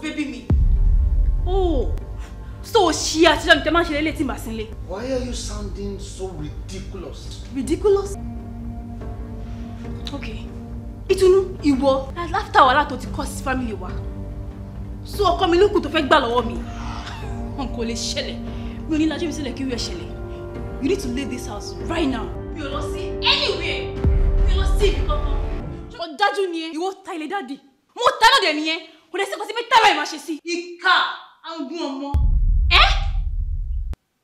baby mi. oh so ṣí àtijọ́ ni tẹ máa ń ṣe lélẹ̀ tí why are you sounding so ridiculous. ridiculous. okay ìtùnú ìwọ After all that, it kọ́ sí family wa so ọkọ mi lókùn tó fẹ́ fake lọ́wọ́ mi me? Uncle is Shelley. mi ò ní lajú mi sílẹ̀ kí wíwẹ̀ ṣẹlẹ̀ you need to leave this house right now. mi ò lọ sí anywhere mi ò lọ sí ibi kankan. mo dájú ni ẹ ìwọ ta ilé dáàdì mo ta náà dẹ̀ nìyẹn kò lè sí sí pé tẹ́lọ̀ ìmọ̀ ṣe sí. ìka arugun ọmọ. ẹ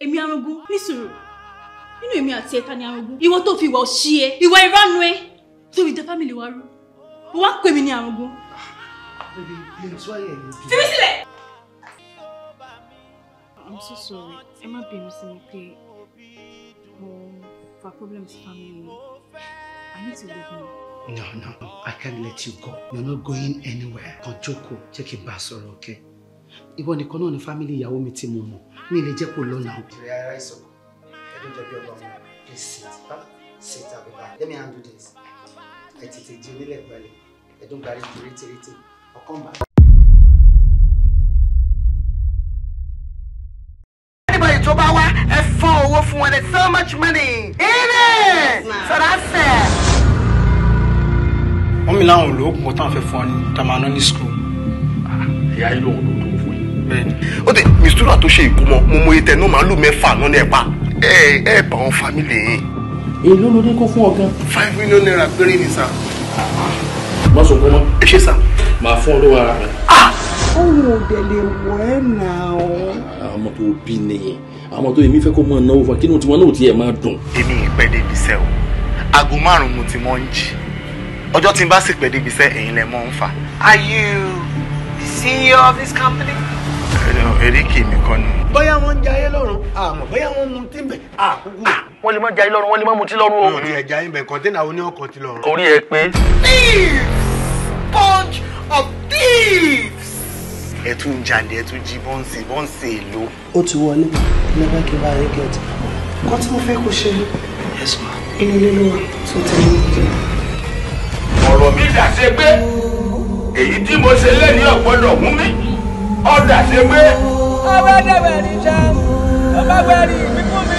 èmi arugun nísòro nínú èmi àti ẹ̀ta ni arugun ìwọ tó fi ìwà òṣì ẹ ìwà ìránu ẹ tó fi dá fámìlì wa rú ó wá pè mí ní arugun. fi mí sílẹ̀. I'm so sorry. Ẹ má bínú sí mi pé mo fa problems family. I need to leave now. No, no, no! I can't let you go. You're not going anywhere. Kàn check your kí n bá a sọ̀rọ̀ ọ̀kẹ́. Ìwọ nìkan náà ni fámìlì ìyàwó mi ti mú mọ̀. Mi lè jẹ́ kó lọ náà. Ìrẹ̀ ara ìsọ̀kọ̀, ẹ̀dùn Please sit, pa, sit abi pa. Let me undo this. I Ẹ tètè di onílẹ̀ gbalẹ̀. Ẹ̀dùn gbalẹ̀ ju rétérété. Ọkàn bá. Anybody tó bá wá, ẹ fọ́ owó fún wọn. There's so much money in it. So that's it wọ́n mi láwọn olówó pọ̀ táwọn fẹ́ fún ọ ní tamana ní skul. ìyá yìí lòun ló tó fún yìí. bẹ́ẹ̀ni. ó dé mistura tó ṣe ìkómọ mo mọ etẹ ní màálù mẹ́fà náà ní ẹpà ẹ ẹ bá wọn fámìlì yín. èló ló dé kó fún ọ gan. five million naira péré ni sá. má sọ fún ọ. ẹ ṣe sá. màá fún ọ lówó ara rẹ. ọ̀hún ah! ò dẹ̀ lè wọ ẹ̀ nà ah, ọ́. àmọ́ tó bí nìyẹn àmọ́ tó èmi fẹ́ kó máa náwó fa kí ni tiwọn náà ò tiẹ̀ máa dùn. èmi ìpẹ́ débi ọjọ́ tí n bá sì pẹ́ débi sẹ́ ẹ̀yin lẹ mọ́ ń fà. are you the CEO of this company. eríkì mi kọ́ ni. bóyá wọ́n ń jayé lọ́rùn àmọ́ bóyá wọ́n mu tí ń bẹ̀ àkókò. wọ́n lè má jayé lọ́rùn wọ́n lè má mu tí lọ́rùn o. orí ẹja ń kọ́ńténà oní ọkọ̀ ti lọ́rùn. orí ẹ pé. thieves bunch of thieves. ẹ tún ń jalè ẹ tún jí bọ́ǹsì bọ́ǹsì èlò. ó ti wọlé never give her a get. kọ́ńtà mo fẹ́ kó ṣe é. ẹ̀sùn inú lílo wa tó tẹ̀lé mi dàṣe pé èyí tí mo ṣe lẹ́ni ọ̀gbọ́dọ̀ mú mi ọ̀ dàṣe pé. ọba dẹ̀bẹ̀ ní sá ọba gbẹ̀rì ìbíkún mi.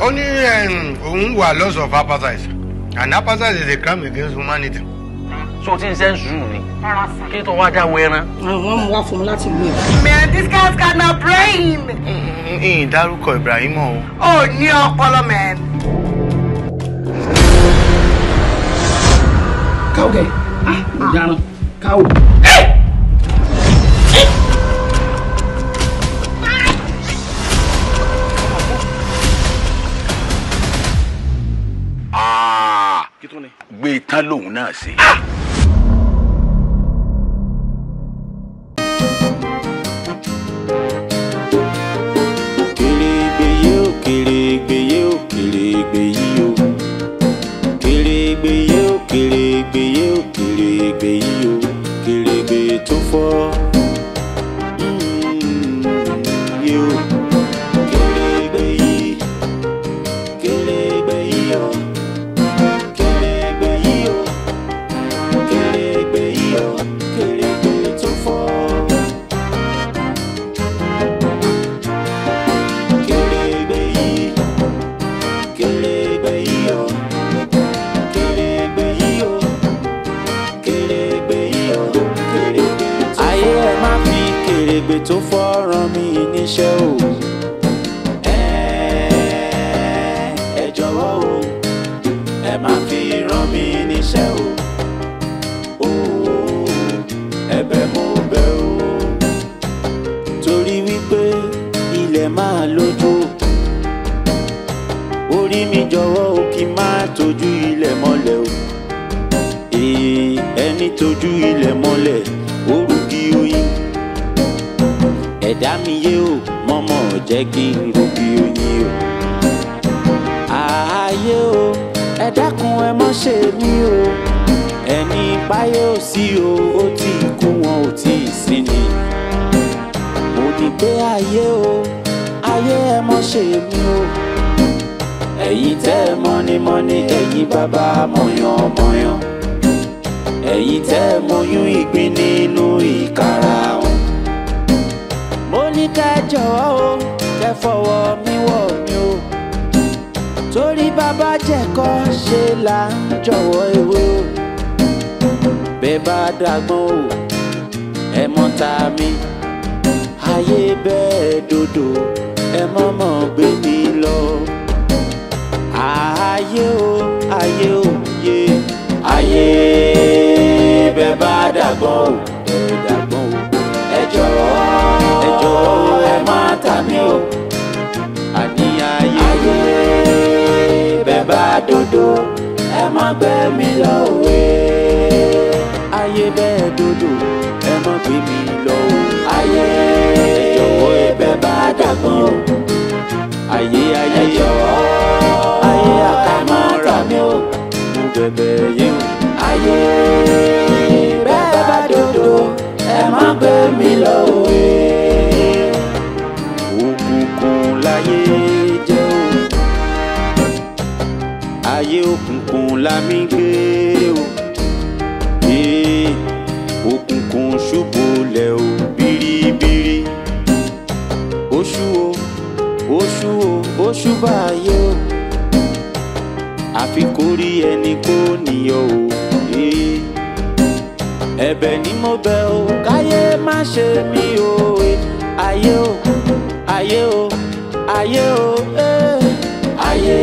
ó ní òun wà loss of appetite and appetite is a crime against humanity. so tí n ṣe ń sùúrù ni kí tó wá dá wọ ẹran. àwọn ọmọ wa fún mi láti lè. man this guy cannot brain. ìdárúkọ Ibrahim o. ó ní ọpọlọ mẹ́rin. káwọ́ kẹ̀ ah ìdáná ah. káwọ́. Ah! gbé tán lòun náà ṣe. Ah! ẹ̀yin tẹ́ moyún ìgbín nínú ìkarahun. mo ní ká jọ̀wọ́ o kẹ́ fọwọ́ mi wọ̀ mí o torí bàbá jẹ̀kọ́ ṣe là ń jọ̀wọ́ ewé o bẹ́ẹ̀ bá dàgbọ́n o ẹ mọ́ ta mi ayé bẹ́ẹ̀ dodo ẹ mọ́ mọ́ gbé mi lọ ayé o ayé o yé ayé bẹ́ẹ̀ bá dàgbọ́n o ẹ dàgbọ́n o ẹ jọ̀ọ́ ẹ jọ̀ọ́ ẹ má tà mí o àní ayé ayé bẹ́ẹ̀ bá dodo ẹ má gbé mi lọ òwe ayé bẹ́ẹ̀ dodo ẹ má gbé mi lọ òwe ayé ẹ jọ̀ọ́ ẹ bá dàgbọ́n o ayé ayé ẹ jọ̀ọ́ ayé àkàmọ́ra mi ò mú bẹ̀bẹ̀ yẹn ayé má gbé mi lọ òwe òkùnkùn láyé jẹ́ o ayé òkùnkùn la mi gbé o ee eh, òkùnkùn ṣubú lẹ̀ o biribiri oṣù o oṣù o oṣù báyé o àfi kórí ẹni kò níyọ o ẹ̀bẹ̀ ni mo bẹ̀ o káyé má ṣe mí o ayé o ayé o ayé o eh. ayé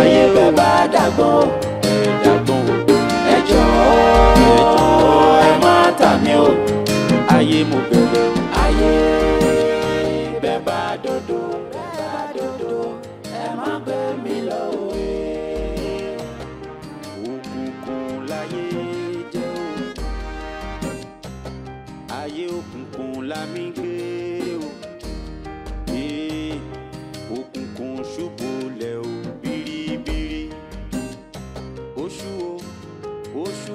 ayé bẹ́ẹ̀ bá dàgbọ́n o dàgbọ́n o ẹ jọ̀ọ́ ẹ má tà mí o ayé mo bẹ̀rẹ̀ o ayé. la mi o ee eh, òkùnkùn ṣubú lẹ̀ o biribiri oṣù o oṣù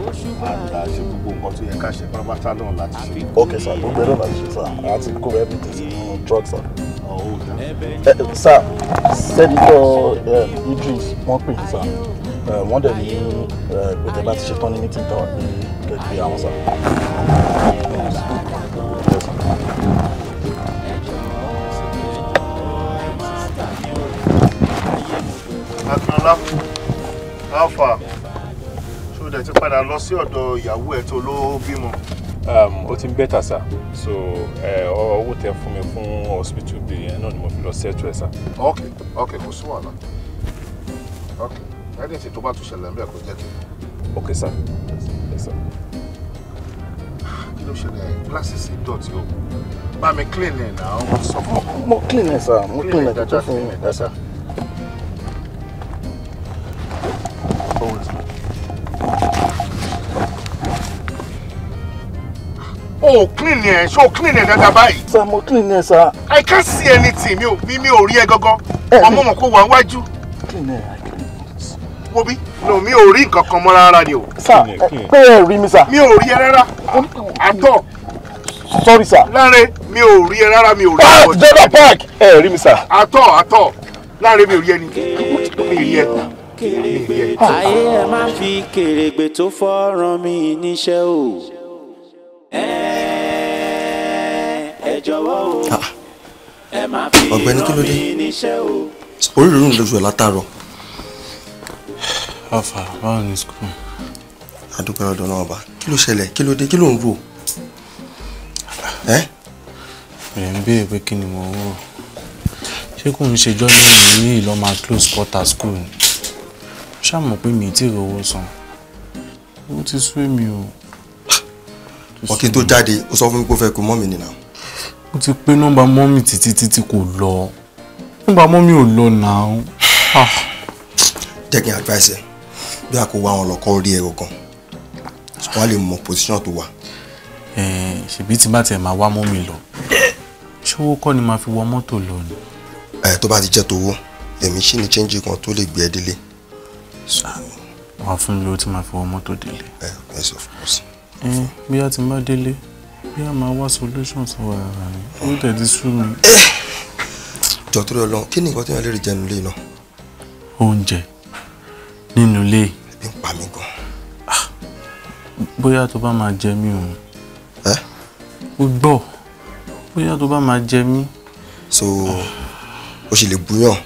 o oṣù báyìí. àgbà ṣe gbogbo nǹkan tó yẹ ká ṣe pátápátá náà láti ṣe. ókè sá gbogbo ẹ náà ṣe sá àti kó oh, oh, ẹ bí tẹsí eh, ọ̀hún eh, sá. sá sẹ́dítọ̀ Idris wọ́n pè sá wọ́n dẹ̀ ní pé bá ti ṣetán ní mítìtàn ní kẹ̀kẹ́ àwọn sá. lápò alfa ṣó dẹ̀ ti padà lọ sí ọ̀dọ̀ ìyàwó ẹ̀ tó ló bímọ. Um, ó ti ń bẹ́tà sá so owó tẹ fún mi fún hospital bill yẹn náà ni mo fi lọ sẹ́tù ẹ̀ sá. ok ok kò sí wàhálà ok anything tó bá tún ṣẹlẹ̀ ń bẹ̀ kó jẹ́ kí. ok sá yes sá. kí ló ṣẹlẹ̀ glasses dọ̀tí o bá mi clean ẹ̀ náà. mo clean ẹ̀ sá mo clean ẹ̀ dájọ́ fún mi ẹ̀ dájọ́. o clean ẹ ṣé o clean ẹ dáadáa báyìí. sir mo clean ẹ sir. i can't see anything mi ò mi mi ò rí ẹ gangan eh, ọmọ mọ̀ kó wà wájú. clean ẹ i clean it. wo no mi ò rí nǹkan kan mọ́ rárá ni o. sir pé ẹ rí mi sir. mi ò rí ẹ rárá àtọ. sorry sir. láre mi ò rí ẹ rárá mi ò rí ẹ. Ah, jọba park ẹ rí mi sir. àtọ àtọ láre mi ò rí ẹ ni mi rí ẹ ayé ẹ má fi kèrègbè tó fọ́ràn mi níṣẹ́ o jọ̀wọ́ o ah. ẹ má fi rán mi níṣẹ́ o. orí ìrònú lójú ẹ báwo ni school. adúpẹ́ ọ̀dọ̀ náà ọba kí ló ṣẹlẹ̀ kí ló dé kí ló ń rò. ẹ. rẹ̀ ń béèrè pé kí ni mo rò ṣé kò ń ṣe jọ́nà ìlú yìí lọ́ọ́ máa close quarter school ni ṣàmọ̀ pé mi ì tí ì rówó san ó ti sú èmi o. ọ̀kí tó jáde ó sọ fún mi pé ó fẹ́ kó mọ́ mi nìyàwó ó ti pé nọ́mbà mọ́mì títí títí kò lọ nọ́mbà mọ́mì ò lọ náà. Ah. jẹ́ kí n advice ẹ bí a kò wá àwọn ọlọ́kọ́ orí ẹ̀rọ kan wọ́n á lè mọ position tó wà. ṣèbí tí bá tẹ̀ máa wá mọ́mì lọ ṣé owó kọ́ ni màá fi wọ mọ́tò lọ ni. tó bá ti jẹ́ tówó lèmi ṣì ní chẹ́ńjì kan tó lè gbé ẹ délé. wàá fún mi lówó tí màá fi wọ mọ́tò délé. yes of course. bí a ti máa délé bí a máa wá solution sí wa ara ni ó dẹ̀ ti sú mi. jọ torí Ọlọ́run kí ni nǹkan tí wọn lè rí jẹnu ilé náà. oúnjẹ nínú ilé. ebi ń pa mí gan. Ah, bóyá tó bá máa jẹ mí o. ẹ. o gbọ́ bóyá tó bá máa jẹ mí. so o ṣì lè búyàn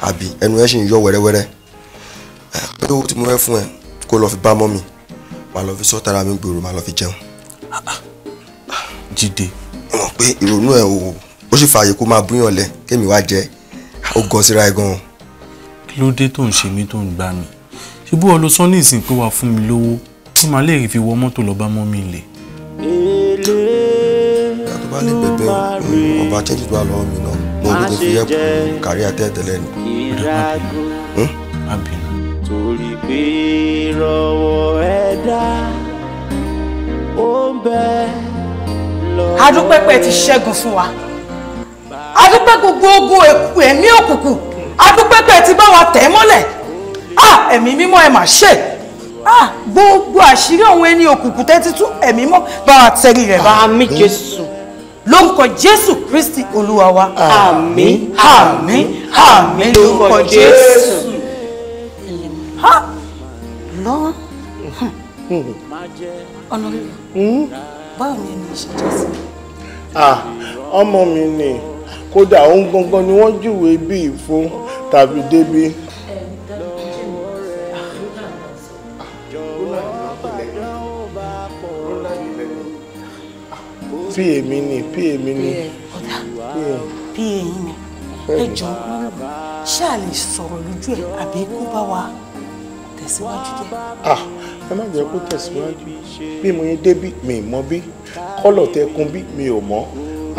àbí ẹnu ẹ ṣì ń yọ wẹ́rẹ́wẹ́rẹ́ pé owó tí mo fẹ́ fún ẹ kó lọ fi bá mọ́ mi màá lọ fi sọ́tara mi gbòòrò màá lọ fi jẹun jíde. mo mọ̀ pé ìrònú ẹ̀ o ó sì fààyè kó máa búyàn lẹ kémi wá jẹ ó gan síra ẹ gan. kí ló dé tó ń ṣe mí tó ń gbá mi ṣé bó o lo sọ ní ìsìn pé wàá fún mi lówó kí màá lè fi wọ mọ́tò lọ bá mọ́ mi lè. ìyá tó bá lè bẹ̀bẹ̀ ọba chẹ́ńtì tó wà lọ́wọ́ mi náà mo ní kò fi ẹ̀kú kárí àtẹ́tẹ́lẹ̀ ni. ọ̀dà hm? má bínú. torí pé ìrọ̀wọ́ adúpẹ́ pé ti ṣẹ́gun fún wa adúpẹ́ gbogbo ogun èkú ẹ̀mí òkùnkùn adúpẹ́ pé ti bá wa tẹ̀ mọ́lẹ̀ ah ẹ̀mí mímọ́ ẹ̀ mà ṣe ah gbogbo àṣírí òun ẹni òkùnkùn tẹ́tí tú ẹ̀mí mọ́ bá wa tẹ̀rí rẹ̀ bá mi jésù lórúkọ jésù kristi olúwa wa àmín àmín àmín lórúkọ jésù ha lọ́wọ́ hmm. ọ̀nà rẹ̀. Hmm? báwo ni ẹni ṣe jẹ́ sí. ọmọ mi ni kódà òun gangan ni wọ́n júwe bí ìfún tàbí débi. pí èmi ni pí èmi ni. pí èyí ni ẹ jọ ń lọ ṣé a lè sọ̀rọ̀ lójú ẹ̀ àbí kó bá wa tẹ̀síwájú jẹ́. ẹ má jẹ́ kó tẹ̀síwájú bí mo yín débí mi mọ bí kọ́lọ̀ tẹ kun bí mi ò mọ̀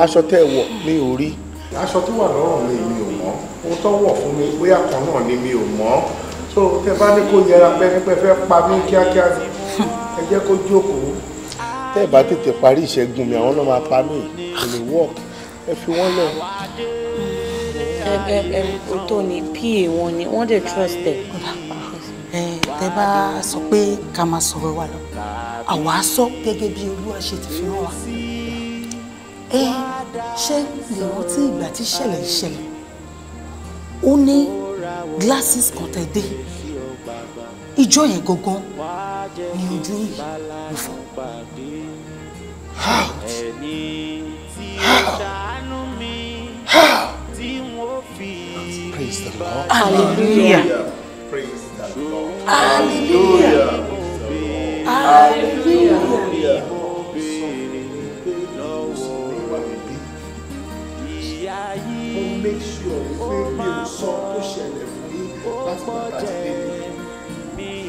aṣọ tẹ wọ̀ mi ò rí. aṣọ tó wà lọ́rùn mi mi ò mọ̀ ohun tó wọ̀ fún mi bóyá kan náà ni mi ò mọ̀ so tẹ bá ní kó yẹra pẹ́ẹ́pẹ́ fẹ́ pa mí kíákíá ni ẹ jẹ́ kó jókòó. tẹ́ ẹ bá tètè parí ìṣẹ́gun mi àwọn náà máa pa mí kò lè wọ́ọ̀kì ẹ fi wọ́n lẹ̀ òótọ́ ni pa wọn ni wọ́n dẹ̀ trust ẹ̀ tẹ bá sọ pé ká máa sọ̀rọ̀ wa lọ àwa sọ gẹ́gẹ́ bí olúwa ṣe ti fi hàn wá ẹ ṣé lè rántí ìgbà tí ìṣẹ̀lẹ̀ ìṣẹ̀lẹ̀ ó ní glasses kan tẹ dé ìjọ yẹn gangan ni ojú yìí ló fọ. Praise the Lord. Hallelujah. Hallelujah. Hallelujah. Mo make sure pé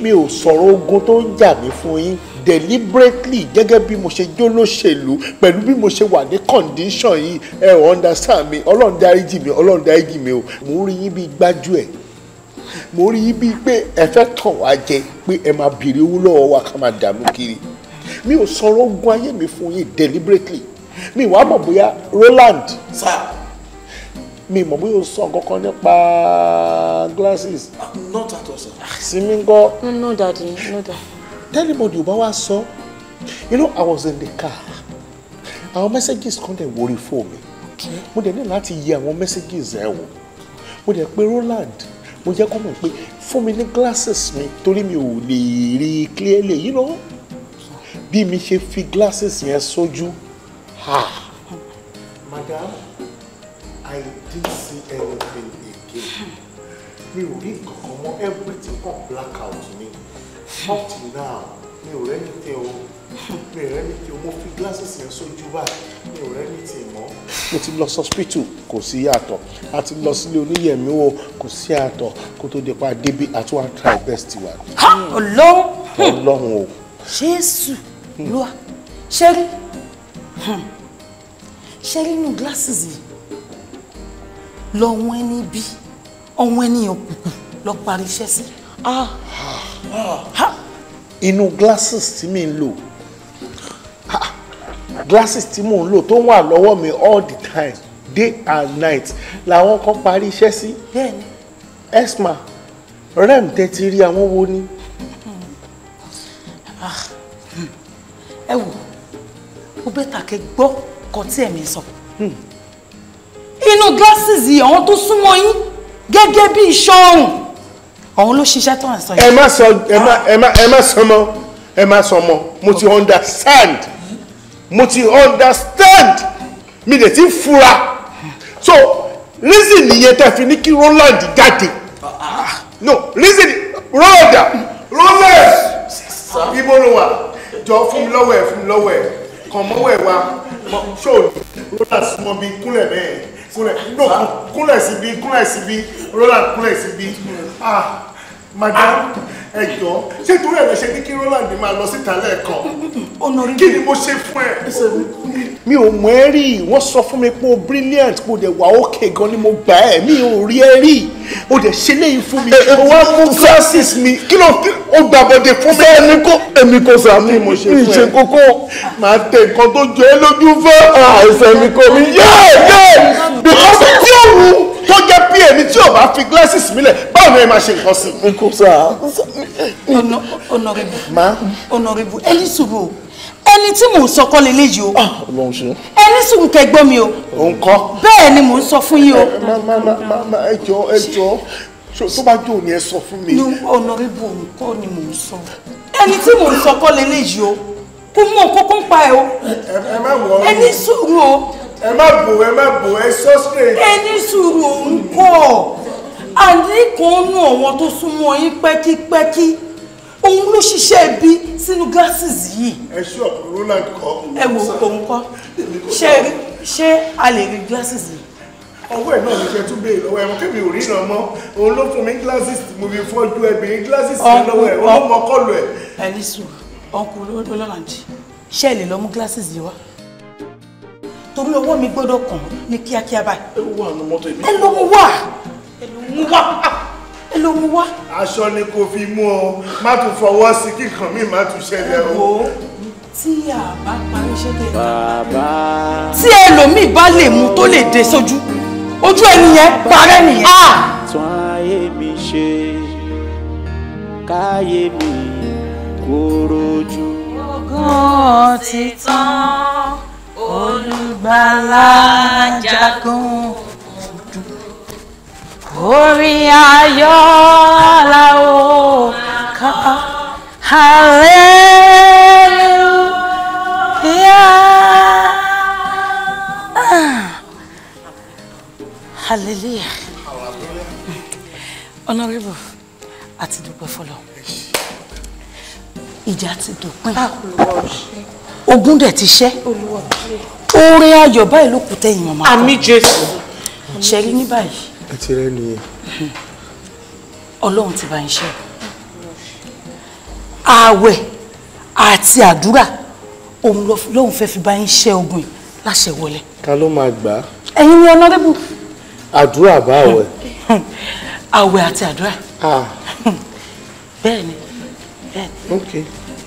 mi ò sọ sọ̀rọ̀ ogun tó ń jà mí fún yín deliberately gẹ́gẹ́ bí mo ṣe jó lóṣèlú pẹ̀lú bí mo ṣe wà ní condition yìí ẹ ò understand mi ọlọ́run dáríjì mi ọlọ́run dáríjì mi o mò ń rí yín bí gbájú ẹ̀ mo rí i bíi pé ẹ fẹ́ tàn wá jẹ pé ẹ máa bèrè owó lọ́wọ́ wa ká máa dààmú kiri mi ò sọ̀rọ̀ ogun ayé mi fún yín deliberately mi wàá mọ̀ bóyá Roland sir mi mọ̀ bóyá o sọ nǹkan nípa glasses. Ah, not at all sir. sinmi ń gọ. no daddy no daddy. tẹ́lifọ̀dì ò bá wá sọ you know i was in the car àwọn messages kan dẹ̀ wọrí fóònù me. mo dẹ̀ ní láti yẹ àwọn messages ẹ̀ wò mo dẹ̀ pé Roland mo jẹ́ kó mọ̀ pé fún mi ní glasses mi torí mi ò lè rí clearly you know bí mi ṣe fi glasses yẹn sójú madam i didn't see anything again mi ò rí nǹkan kan mọ́ everything kan black out ni up till now mi ò rẹ́ mi tẹ o mi ò rẹ́ mi tẹ o mo fi glasses yẹn sójú báyìí mi ò rẹ́ mi tẹ mọ́. mo ti lọ sọ́spítù kò sí yàtọ̀ a ti lọ sílé oníyẹ̀mí wo kò sí yàtọ̀ kó tó dé débi àti wàá try best wa. ọlọ́run ọlọ́run o. jésù hmm. lua ṣe rí hmm. ṣe rí inú glasses yìí ẹni bí ọ̀wọ́n ẹni òkùnkùn lọ́ọ́ parí iṣẹ́ sí. Ah. Ah. Ah inú glasses tí mi ń lò glasses tí mò ń lò tó wà lọ́wọ́ mi all the time day and night làwọn kan parí iṣẹ́ sí esma rem tẹ ti rí àwọn wo ni. Hmm. Ah, hmm. ẹ wò ó bẹ́tà kẹ́ gbọ́ kan tí ẹ̀mí sọ hmm. inú glasses yìí àwọn tó súnmọ́ yín gẹ́gẹ́ bí iṣan ọrùn òun ló ṣiṣẹ́ tó ń sọ yìí. ẹ má sọ ẹ má ẹ má ẹ má sọ mọ ẹ má sọ mọ mo ti understand mo ti understand mi lè ti fura so reason nìyẹn tẹ́ fi ní kí Roland jáde no reason Roland Roland ibo ló wà jọ fún mi lọ́wọ́ ẹ̀ fún mi lọ́wọ́ ẹ̀ kàn mọ́wọ́ ẹ̀ wa ṣó Roland súnmọ́ bí kúnlẹ̀ bẹ́ẹ̀ kúnlẹ̀ no kúnlẹ̀ síbi kúnlẹ̀ síbi Roland kúnlẹ̀ síbi ah madam ẹjọ ṣé torí ẹ̀rẹ́ ṣe ní kí Roland máa lọ síta lẹ́ẹ̀kan kí ni mo ṣe fún ẹ. mi ò mọ̀ ẹ́ rí wọ́n sọ fún mi pé o brilliant mo dẹ̀ wà ókè gan ni mo gbà ẹ́ mi ò rí ẹ rí o dẹ̀ ṣe léyìn fún mi. ẹ wá mú glasses mi kí ló ó gbà bọ̀dẹ̀ fún mi. sọ èmi kò èmi kò sà mí mi ṣe kókó máa tẹ nǹkan tó jọ ẹ lójú fún àìsàn ah, mi kò mi yé yé because of you tó jẹ́ bí èmi tí ò bá fi glasses mílẹ̀ báwo ni ẹ máa ṣe nǹkan sí. mi kò sá. ọ̀nàrẹ́bù ọ̀nàrẹ́bù ẹ ní sùúrù o ẹni tí mò ń sọ kọ́ leléyìí o ẹni sùn kẹgbọ́n mi o nǹkan bẹ́ẹ̀ ni mò ń sọ fún yín o. ẹ jọ ẹ jọ tó bá jó ni ẹ sọ fún mi. ọ̀nàrẹ́bù nǹkan ni mò ń sọ ẹni tí mò ń sọ kọ́ leléyìí o kò mú òkókó ń pa ẹ o ẹni sùúrù o ẹ má bò ẹ má bò ẹ sọ straight. ẹni sùúrù òun kọ́ àní kan nú tó súnmọ́ yín pẹ́kípẹ́kí òun ló ṣiṣẹ́ ibi sínú glasses yìí. ẹ ṣú ọ̀pọ̀ roland kọ́. ẹ wo òun kọ́ ṣé a lè rí glasses yìí ọwọ́ ẹ̀ náà ní fẹ́ tún béèrè lọ́wọ́ ẹ̀ wọ́n kébì òrí ìran mọ́ òun ló fún mi glasses mo fi fọ́jú ẹbí glasses mi lọ́wọ́ ẹ̀ òun mọ́ kọ́lù ẹ̀. ẹ ní sùn ọkùnrin olóòlànjì ṣé ẹ lè lọ mú glasses yìí wá torí owó mi gbọ́dọ̀ kàn ní kíákíá báyìí. ẹ wà ní mọ́tò ìbí. ẹ ló mú wá ẹ ló mú wá ẹ ló mú wá. aṣọ ni kò fi mú ọ má tún fọwọ́ sí kí nǹkan má tún ṣẹlẹ̀ o. wo tí a bá parí iṣẹ́ tẹ̀ bàbá. tí ẹlòmíì bá lè mú tó lè dé sójú ojú ẹni yẹn parẹ́ nìyẹn. Ah! tún ayé mi ṣe káyé mi kó rojú. ogún ti tán olùgbàlà jagun orin ayọ̀ aláwo ká hallelujah hallelujah honorable àti dúpẹ́ fọlọ́ ìjà ti dópin ogún dẹ̀ ti ṣẹ́ oore ayọ̀ báyìí ló kù tẹ̀yìn màmá kan àmì jésù ṣẹ́rí ní báyìí ẹ ti rẹ́ nìyẹn ọlọ́run ti bá ń ṣe ààwẹ̀ àti àdúrà òun lọ́hùn fẹ́ fi bá ń ṣe ogun láṣẹ wọlé. ta ló máa gbà á. ẹ̀yin ni ọ̀nàdébù. àdúrà bá hmm. àwẹ̀. àwẹ̀ àti àdúrà. Hmm. bẹ́ẹ̀ ni bẹ́ẹ̀ ni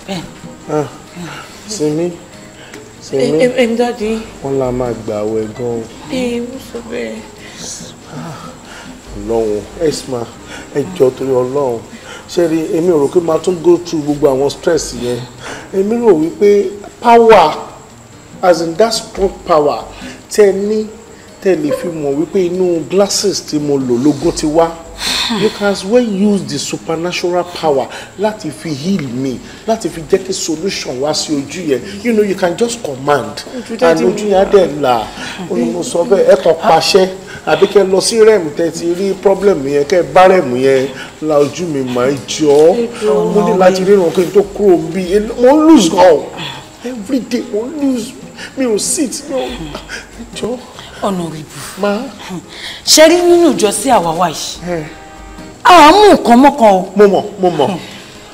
bẹ́ẹ̀ ni sinmi sinmi ẹm dáàdi wọn la máa gbà àwẹ̀ gan-an. ee mo sọ bẹ́ẹ̀. ọlọ́run esma ẹjọ́ torí ọlọ́run ṣe rí èmi rò pé máa tún go through gbogbo àwọn stress yẹn èmi rò wípé power as in that strong power tẹ ní tẹ lè fi mọ̀ wípé inú glasses tí mo lò lógún ti wá. Because ah. when you use the supernatural power láti fi heal me láti fi jẹ́ kí solution wá sí ojú yẹn you know you can just command and ojú yẹn á dẹ̀ là hmm. olùmọ̀sọ bẹ́ẹ̀ ẹ kàn pàṣẹ àbí kẹ lọ sí rẹ̀m tẹ ti rí problem yẹn kẹ bá rẹ̀m yẹn la ojú mi máa jọ mo ní láti ríran kí n tó kúrò bí mo lose gan everyday mo lose mi ò sit mi ò jọ. ọ̀nà òrìbù hmm. ṣe rí nínú ìjọ sí àwa wáyé àwọn mú nǹkan mọ́kàn o. mo mọ̀ mo mọ̀. Hmm.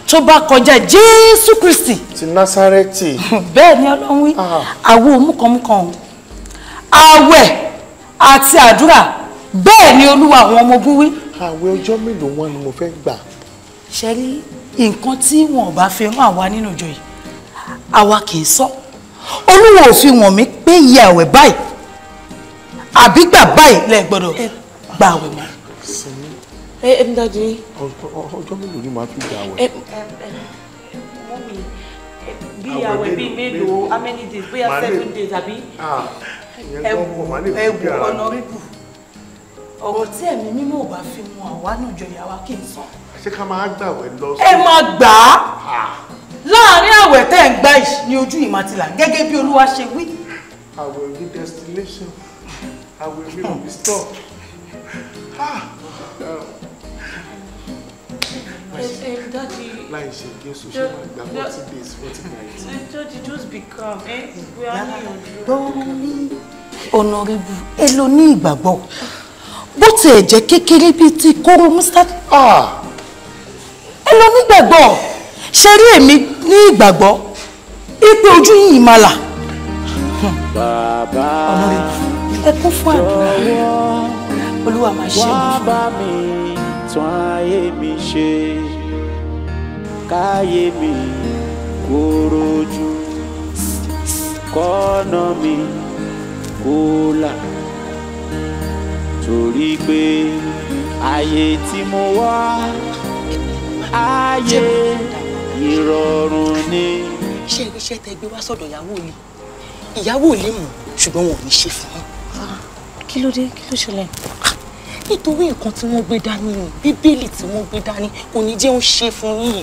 tó bá kọjá jésù kristi. ti násárẹ́tì. bẹ́ẹ̀ ni ọlọ́run wí ah. àwo òmùkànmùkàn o àwẹ̀ àti àdúrà bẹ́ẹ̀ ni olúwa àwọn ọmọ ogun wí. àwẹ̀ ọjọ́ mélòó wọn ni mo fẹ́ gbà. ṣe rí nǹkan tí wọn ò bá fi rán àwa nínú ìjọ yìí àwa kì í sọ olúwa ò fi wọ̀n mí pé iye àwẹ̀ báyìí àbí gbà báyìí lẹ́ẹ̀ gbà àwẹ̀ mọ́ ẹ ẹ dájú yín. ọjọ́ mélòó ni màá fi gbà wẹ̀. mú mi eh, bí àwẹ̀ bíi mélòó how many days bóyá seven days àbí. ẹ̀wù ẹ̀wù ọ̀nà bíbù ọ̀rọ̀ tí ẹ̀mí mímọ́ ò bá fi mu àwa náà jọ ìyá wa kí n sọ. ṣé ká máa gbà wẹ̀ lọ sí. ẹ máa gbà á láàárín àwẹ̀ tẹ́ ẹ̀ ń gbà yìí ni ojú ìmọ̀ ti là gẹ́gẹ́ bí olúwa ṣe wí. àwẹ̀ ní destination àwẹ̀ mi ò fi stop. But um, daddy. Láì ṣe Jésù ṣe máa gba forty days forty nights. Daddy just be calm. Eh? ní ìgbàgbọ́. Bó tiẹ̀ jẹ́ kékeré bíi ti kóró Mustard. Ah! Ẹ lọ nígbàgbọ́. Ṣé rí èmi ní ìgbàgbọ́? Ipe ojú yìnyín máa là. Ọ̀nàrẹ́bù ẹ kún fún àdúrà olúwa máa ṣe é mi. wá bá mi tún ayé mi ṣe káyé mi kó rojú kọ́nà mi kó là torí pé ayé tí mo wá ayé ìrọ̀rùn ni. ṣé iṣẹ́ tẹ gbé wá sọ́dọ̀ ìyàwó mi ìyàwó mi mú ṣùgbọ́n wọn ò ní ṣe fún un. Ah, kí ló dé kí ló ṣẹlẹ̀ nítorí nǹkan tí wọ́n gbé dání ni bíbélì tí wọ́n gbé dání kò ní jẹ́ ń ṣe fún yìí.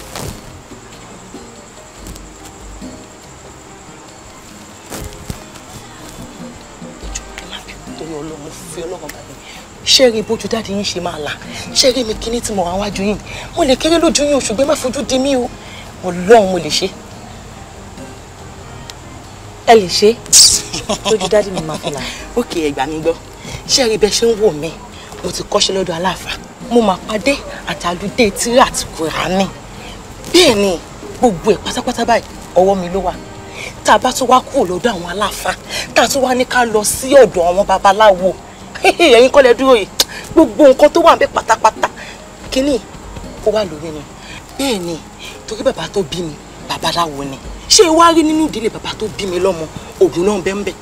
ṣé rí bójú dáàdi yín ṣe máa là ṣé rí mi kíní tí mo wá wájú yín mo lè kéré lójú yín ṣùgbọ́n má fojú di mí o ọlọ́run mo lè ṣe. ẹ lè ṣe bójú dáàdi mi máa fi là. ó kì mi gbọ́ ṣé rí bẹ́ẹ̀ ṣe ń wò mí mo ti kọ́ṣẹ́ lọ́dọ̀ aláàfáà mo máa pàdé àtàlùdé tíra àti kùránì bẹ́ẹ̀ ni gbogbo ẹ̀ pátápátá báyìí ọwọ́ mi ló wà tá a bá tún wá kúrò lọ́dọ̀ àwọn aláàfáà tá a tún wá ní ká lọ sí ọ̀dọ̀ àwọn babaláwo ẹ̀yin kọ́lẹ̀ dúró yìí gbogbo nǹkan tó wà ń bẹ pátápátá kínní kó wà lórí ni bẹ́ẹ̀ ni torí bàbá tó bí mi babaláwo ni ṣé wàá rí nínú ìdílé bàbá tó bí mi lọ́mọ ògùn náà bẹ́ẹ̀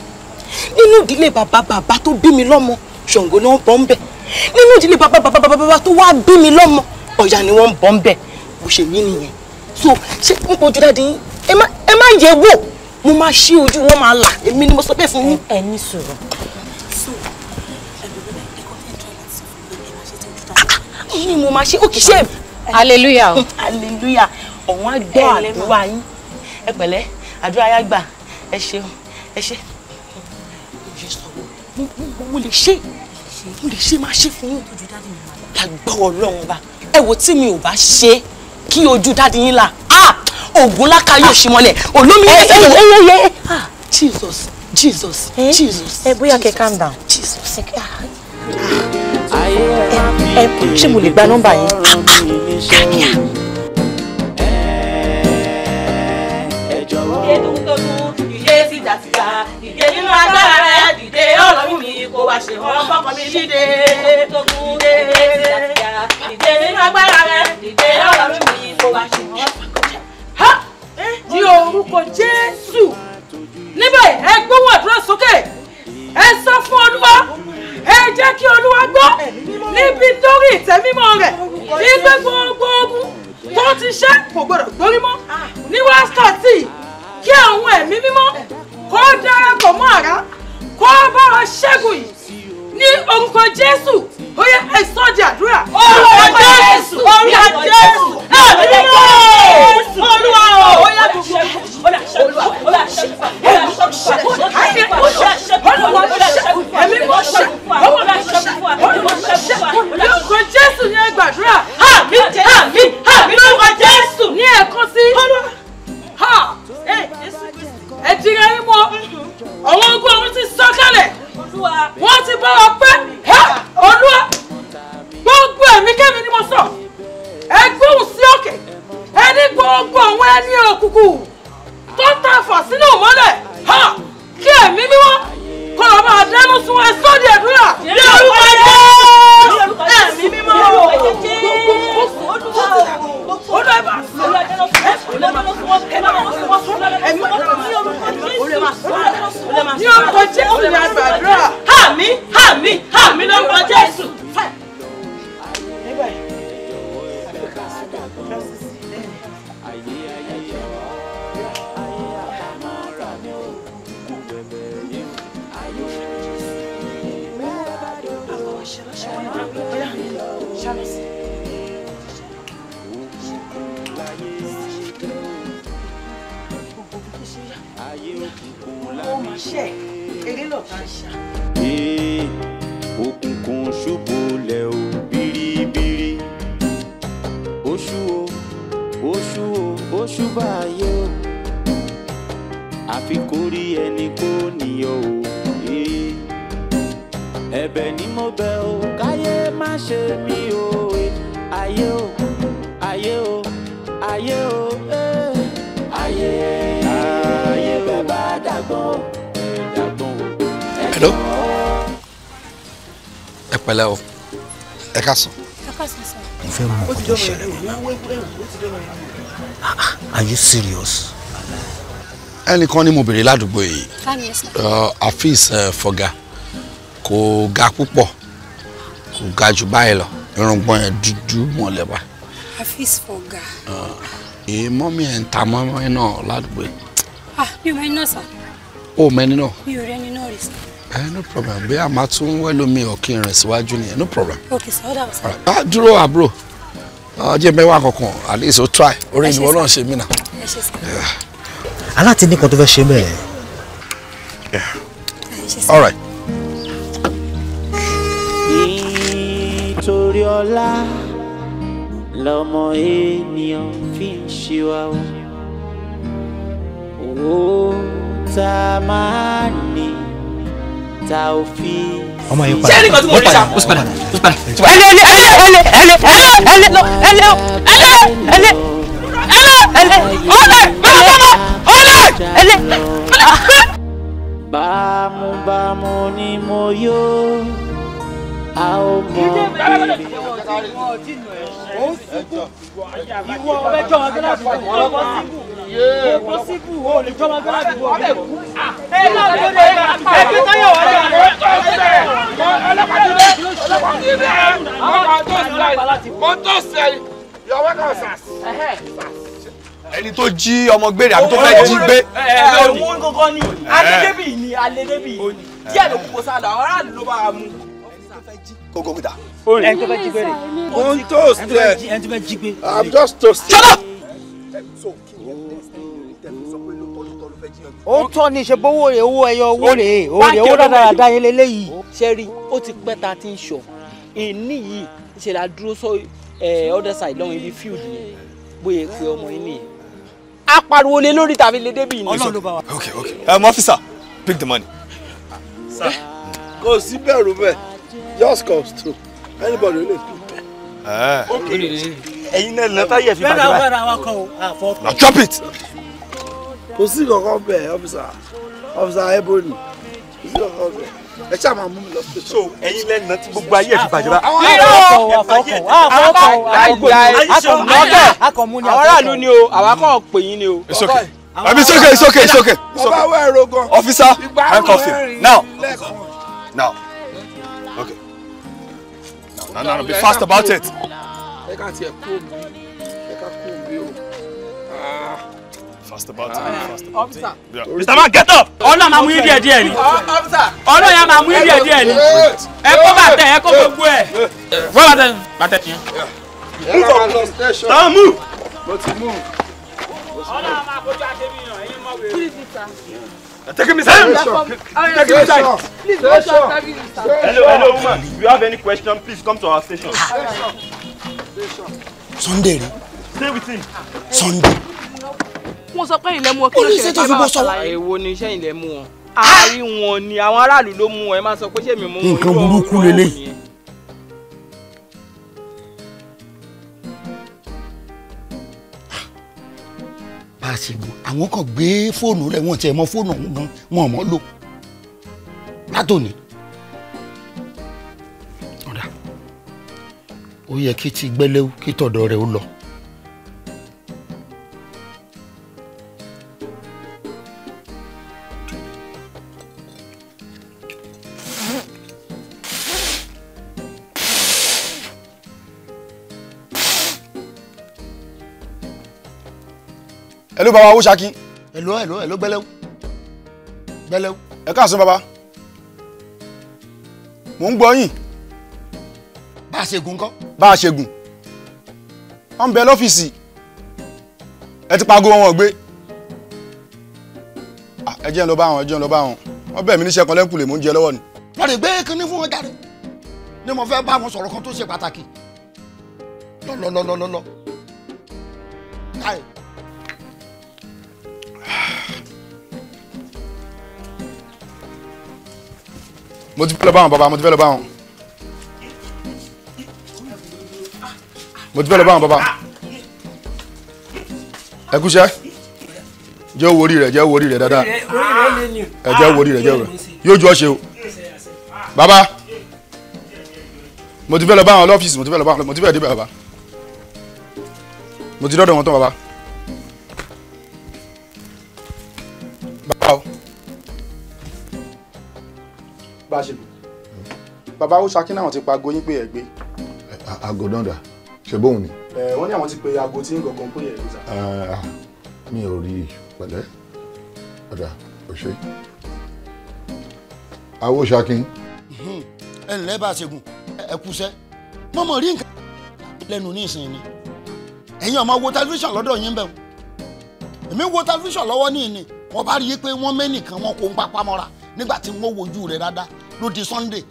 nínú ìdílé bàbá bàbá tó bí mi lọ́mọ ṣàngó náà bọ́ ń bẹ́ẹ̀ nínú ìdílé bàbá bàbá bàbá tó wá bí mi lọ́mọ ọ̀yà ni wọ́n ń bọ̀ ń bẹ̀ bó ṣe yí nìyẹn so ṣé n kò jù dáadé yín ẹ má yẹ wò mo máa ṣí ojú wọn máa là èmi ni mo sọ bẹ́ẹ̀ fún yín. ẹ ní sọ̀rọ̀. yín ni mo máa ṣe òkè ṣe. hallelujah o. hallelujah ọ̀wọ́n á gbọ́ àdúrà yín ẹ pẹ̀lẹ́ àdúrà yá gbà ẹ ṣeun ẹ ṣe. mo lè ṣe é ṣe mo lè ṣe máa ṣe fún yín ojú dáàdì mi máa lágbọ́ ọlọ́run bá ẹ wo tí mi ò bá ṣe kí ojú dáàdì yín là á ògùn yóò ṣe mọ́lẹ̀ olómi ẹ ẹ ẹ ẹ Jesus Jesus Jesus ẹ bóyá kẹ calm down Jesus ẹ ẹ ṣé mo lè gba nọ́mbà yín kíákíá. bó bá ṣe hàn fọkàn mi dìde dìde dìde nínú agbára rẹ dìde lọ́wọ́ mi bó bá ṣe hàn fọkàn mi. di orúkọ Jésù níbẹ̀ ẹ gbọ́wọ́ àdúrà sókè ẹ sọ fún Olúwa ẹ jẹ́ kí Olúwa gbọ́ níbi torí ìtẹ́mímọ́ rẹ̀ nígbà gbogbo ogun tó ti ṣe kò gbọdọ̀ gbórí mọ́ ní wákàtí kí àwọn ẹ̀mí mímọ́ kó darapọ̀ mọ́ àrá kó bá wa ṣẹ́gun yìí ní orúkọ jésù ó yẹ ẹ̀sọ́ di àdúrà. orúkọ jésù orúkọ jésù àmì jésù olúwa ó yẹ gbogbo. ẹnìkan ni mo béèrè ládùúgbò yìí afis fọgá kò ga púpọ̀ kò ga jù báyìí lọ irùngbọ̀n yẹn dúdú mọ̀lẹ́bà. afis fọgá. èèmọ́ mi ẹ̀ ń ta mọ́mọ́ iná ládùúgbò yìí. Ah, mi ò mọ iná sà. o mọ ẹni náà. mi ò rẹ ẹni náà rí sà. Eh, no problem bóyá màá tún wẹ́lómi ọ̀kí rìn síwájú nìyẹn no problem. ok sir ọ̀dà ọ̀sán. ah dúró àbúrò ọjọ́ ah, mẹ́wàá kankan at least o try orí ìwọ náà ṣe mí náà. ẹ ṣe sá aláti ní kan tó fẹ́ ṣe mẹ́ẹ̀. all right. nítorí ọlá lọmọ ènìyàn fi ń ṣe wa o owó tá a máa ní tá ò fi. ọmọ yìí padà ṣé ẹnì kan tí mo rí sá ó sì padà ó sì padà. ẹlẹ ẹlẹ ẹlẹ ẹlẹ ẹlẹ ẹlẹ ẹlẹ ẹlẹ ẹlẹ ẹlẹ ọlẹ bàbá bàbá ẹlẹ. bámúbámú ni mo yó a ó mọ bíbí. ìwọ ọbẹ̀ jọba gíláàsì kò tó bọ́ síbù kò síbù o lè jọba gíláàsì kò tó bọ́ síbù. ẹ náà ló lè ẹ fi tán yọ̀ wọ́n lọ. ọlọ́pàá ti bẹ́ẹ̀ ọlọ́pàá ti bẹ́ẹ̀ àwọn kan tó sẹ́yìn wọ́n tó sẹ́yìn yọ̀ wọ́n kan sàs ẹni tó jí ọmọ gbére àbí tó fẹ́ jí gbé. owó gọ́gọ́ ni alẹ́dẹ́bì ni alẹ́dẹ́bì díẹ̀ ló kókó sálọ àwọn aráàlú ló bá mú. kókó kúta. ẹni tó fẹ́ jí gbére. mo ń toast ẹ. ẹni tó fẹ́ jí gbé. i'm just toasting. shut up. ó tọ́ ni ṣe bówó rè owó ẹyọ owó rè owó rè owó dáadáa yẹn lélẹ́yìí. ṣe ó ti pẹ́ ta ti ń sọ ìní yìí ṣe la dúró sọ ọ̀dẹ́sà ìlọrin ibi fíìlì bóyá pé ọmọ yìí nìyẹn a pariwo lé lórí tàbí lè débi ìní. Ọlọ́run ló bá wa. ok ok um, officer pick the money. Eh? kò sí bẹ̀rù bẹ́ẹ̀ just come through anybody lè pick bẹ́ẹ̀. Ah. ok ẹyin náà lọ táyà fi bàjẹ́ báyìí. bẹ́ẹ̀ náà wọ́n kọ́ o àfọ́. Ah, now drop it. kò sí kankan bẹ́ẹ̀ officer officer ebony kò sí kankan bẹ́ẹ̀ ẹ ṣáà máa mú mi lọ sí. so ẹyin lẹ́nu tí gbogbo ayé ẹ̀ ti bàjẹ́ bá. àwọn àfọwọ́ àfọwọ́ àfọwọ́ àfọwọ́ àkànmú ni àwọn aráàlú ni o àwọn akọ̀ pè yín ni o. it's okay abi it's okay it's okay it's okay. mo bá wọ ẹ̀rọ gan. officer i'm confused now now okay now now no, be fast about it. ẹ ká tiẹ̀ kú omi ẹ ká kú omi o. Ah. Faster button, eh, faster button. Officer. Yeah. Mr. Man, get up! Oh no, I'm yín díẹ̀ díẹ̀ ni. Ọlọ́run yẹn máa mú yín díẹ̀ díẹ̀ ni. Ẹ kó bàtẹ, ẹ kó gbogbo ẹ̀. Wọ́n bàtẹ bàtẹ tiẹ̀. Don't move. Mo ti mú. Ọlọ́run máa kojú àtẹ̀mí yàn, ẹ̀yin mọ̀ wẹ̀. Kí ni bí ta? Take me side. Take him inside. Please, no shot. Hello, hello, woman. If you have any question, please come to our station. Sunday. Stay with him. Sunday wọ́n sọ pé ìlẹ̀ mú wọn kí ló ṣe ìjọba àwọn àlàyé wo ni iṣẹ́ ìlẹ̀ mú wọn. Ah. àárí wọn ni àwọn aráàlú ló mú wọn ẹ máa sọ pé ṣé mi mú wọn. nǹkan burúkú lélẹ́yìí. àṣìgbò àwọn kan gbé fóònù rẹ wọn tiẹ̀ mọ fóònù ọ̀hún gan wọn mọ lò látòní. ọ̀dà ó yẹ kí ti gbẹ́lẹ́wó kí tọ̀dọ̀ rẹ̀ ó lọ. hello baba wo ṣaki. hello hello hello gbẹlẹwu gbẹlẹwu. ẹ káàsán baba mò ń gbọ́ yín. bá a ṣe gùn kọ́. bá a ṣe gùn wọ́n ń bẹ lọ́fíìsì ẹ ti paago wọn gbé ẹ jẹ́ ń lọ bá wọn ẹ jẹ́ ń lọ bá wọn wọ́n bẹ̀ mí níṣẹ́ kan lẹ́kùn lè mò ń jẹ lọ́wọ́ ni. lọ́ọ̀rì gbé kínní fún wọn jáde ni mo fẹ́ bá wọn sọ̀rọ̀ kan tó ṣe pàtàkì lọ́lọ́lọ́lọ́lọ́ mo ti fẹ́ lọ bá wọn bàbá mo ti fẹ́ lọ bá wọn mo ti fẹ́ lọ bá wọn bàbá ẹ kúṣẹ́ jẹ́ owó orí rẹ̀ jẹ́ owó orí rẹ̀ dáadáa ẹ jẹ́ owó orí rẹ̀ jẹ́ owó yóò ju ọ ṣe o bàbá mo ti fẹ́ lọ bá wọn lọ́fíìsì mo bá a ṣe lò bàbá ó ṣakí náà ti pa aago yín pé ẹ gbé. aago danda ṣe bóun ni. ẹ wọ́n ní àwọn ti pe aago tí ń gọ̀gàn pé ẹ gbé sá. mi ò rí pẹ̀lẹ́ ọ̀dà òṣè awo ṣakin. ẹ ǹlẹ́ bá a ṣègùn ẹ kúṣẹ́ mo mọ̀ rí nǹkan lẹ́nu ní ìsìn ni ẹ̀yin ọmọ wo tẹlifíṣàn lọ́dọ̀ yín bẹ́ẹ̀ èmi wo tẹlifíṣàn lọ́wọ́ ní ìní wọ́n bá rí i pé wọ́n mẹ́nìkan wọn kò ń papá mọ́ra nígbà tí mo wojú rẹ̀ dáadáa ló di Sunday.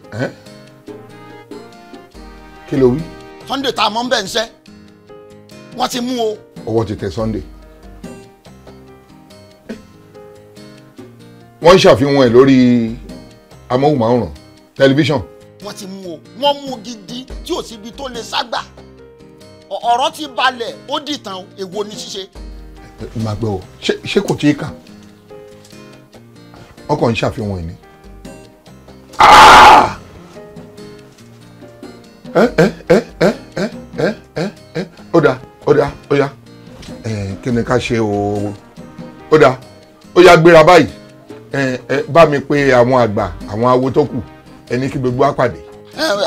kí ló wí. Sunday tá a mọ̀ ń bẹ̀ ń sẹ́ wọ́n ti mú o. ọwọ́ ti tẹ Sunday. wọ́n ṣàfihàn ẹ̀ lórí amóhùnmáwòrán tẹlifíṣàn. wọ́n ti mú o wọ́n mú gidi tí ò síbi tó lè ságbà ọ̀rọ̀ ti balẹ̀ ó dìtàn èwo ni ṣíṣe. màá gbọ́ ṣé kò tí ì kà ọkọ̀ ń ṣàfihàn ìní. Ah! Eh, eh, eh, ó dáa ó dáa ó yá kí ni ká ṣe o ó dáa ó yá gbéra báyìí bá mi pé àwọn àgbà àwọn awo tó kù ẹni kí gbogbo wa pàdé.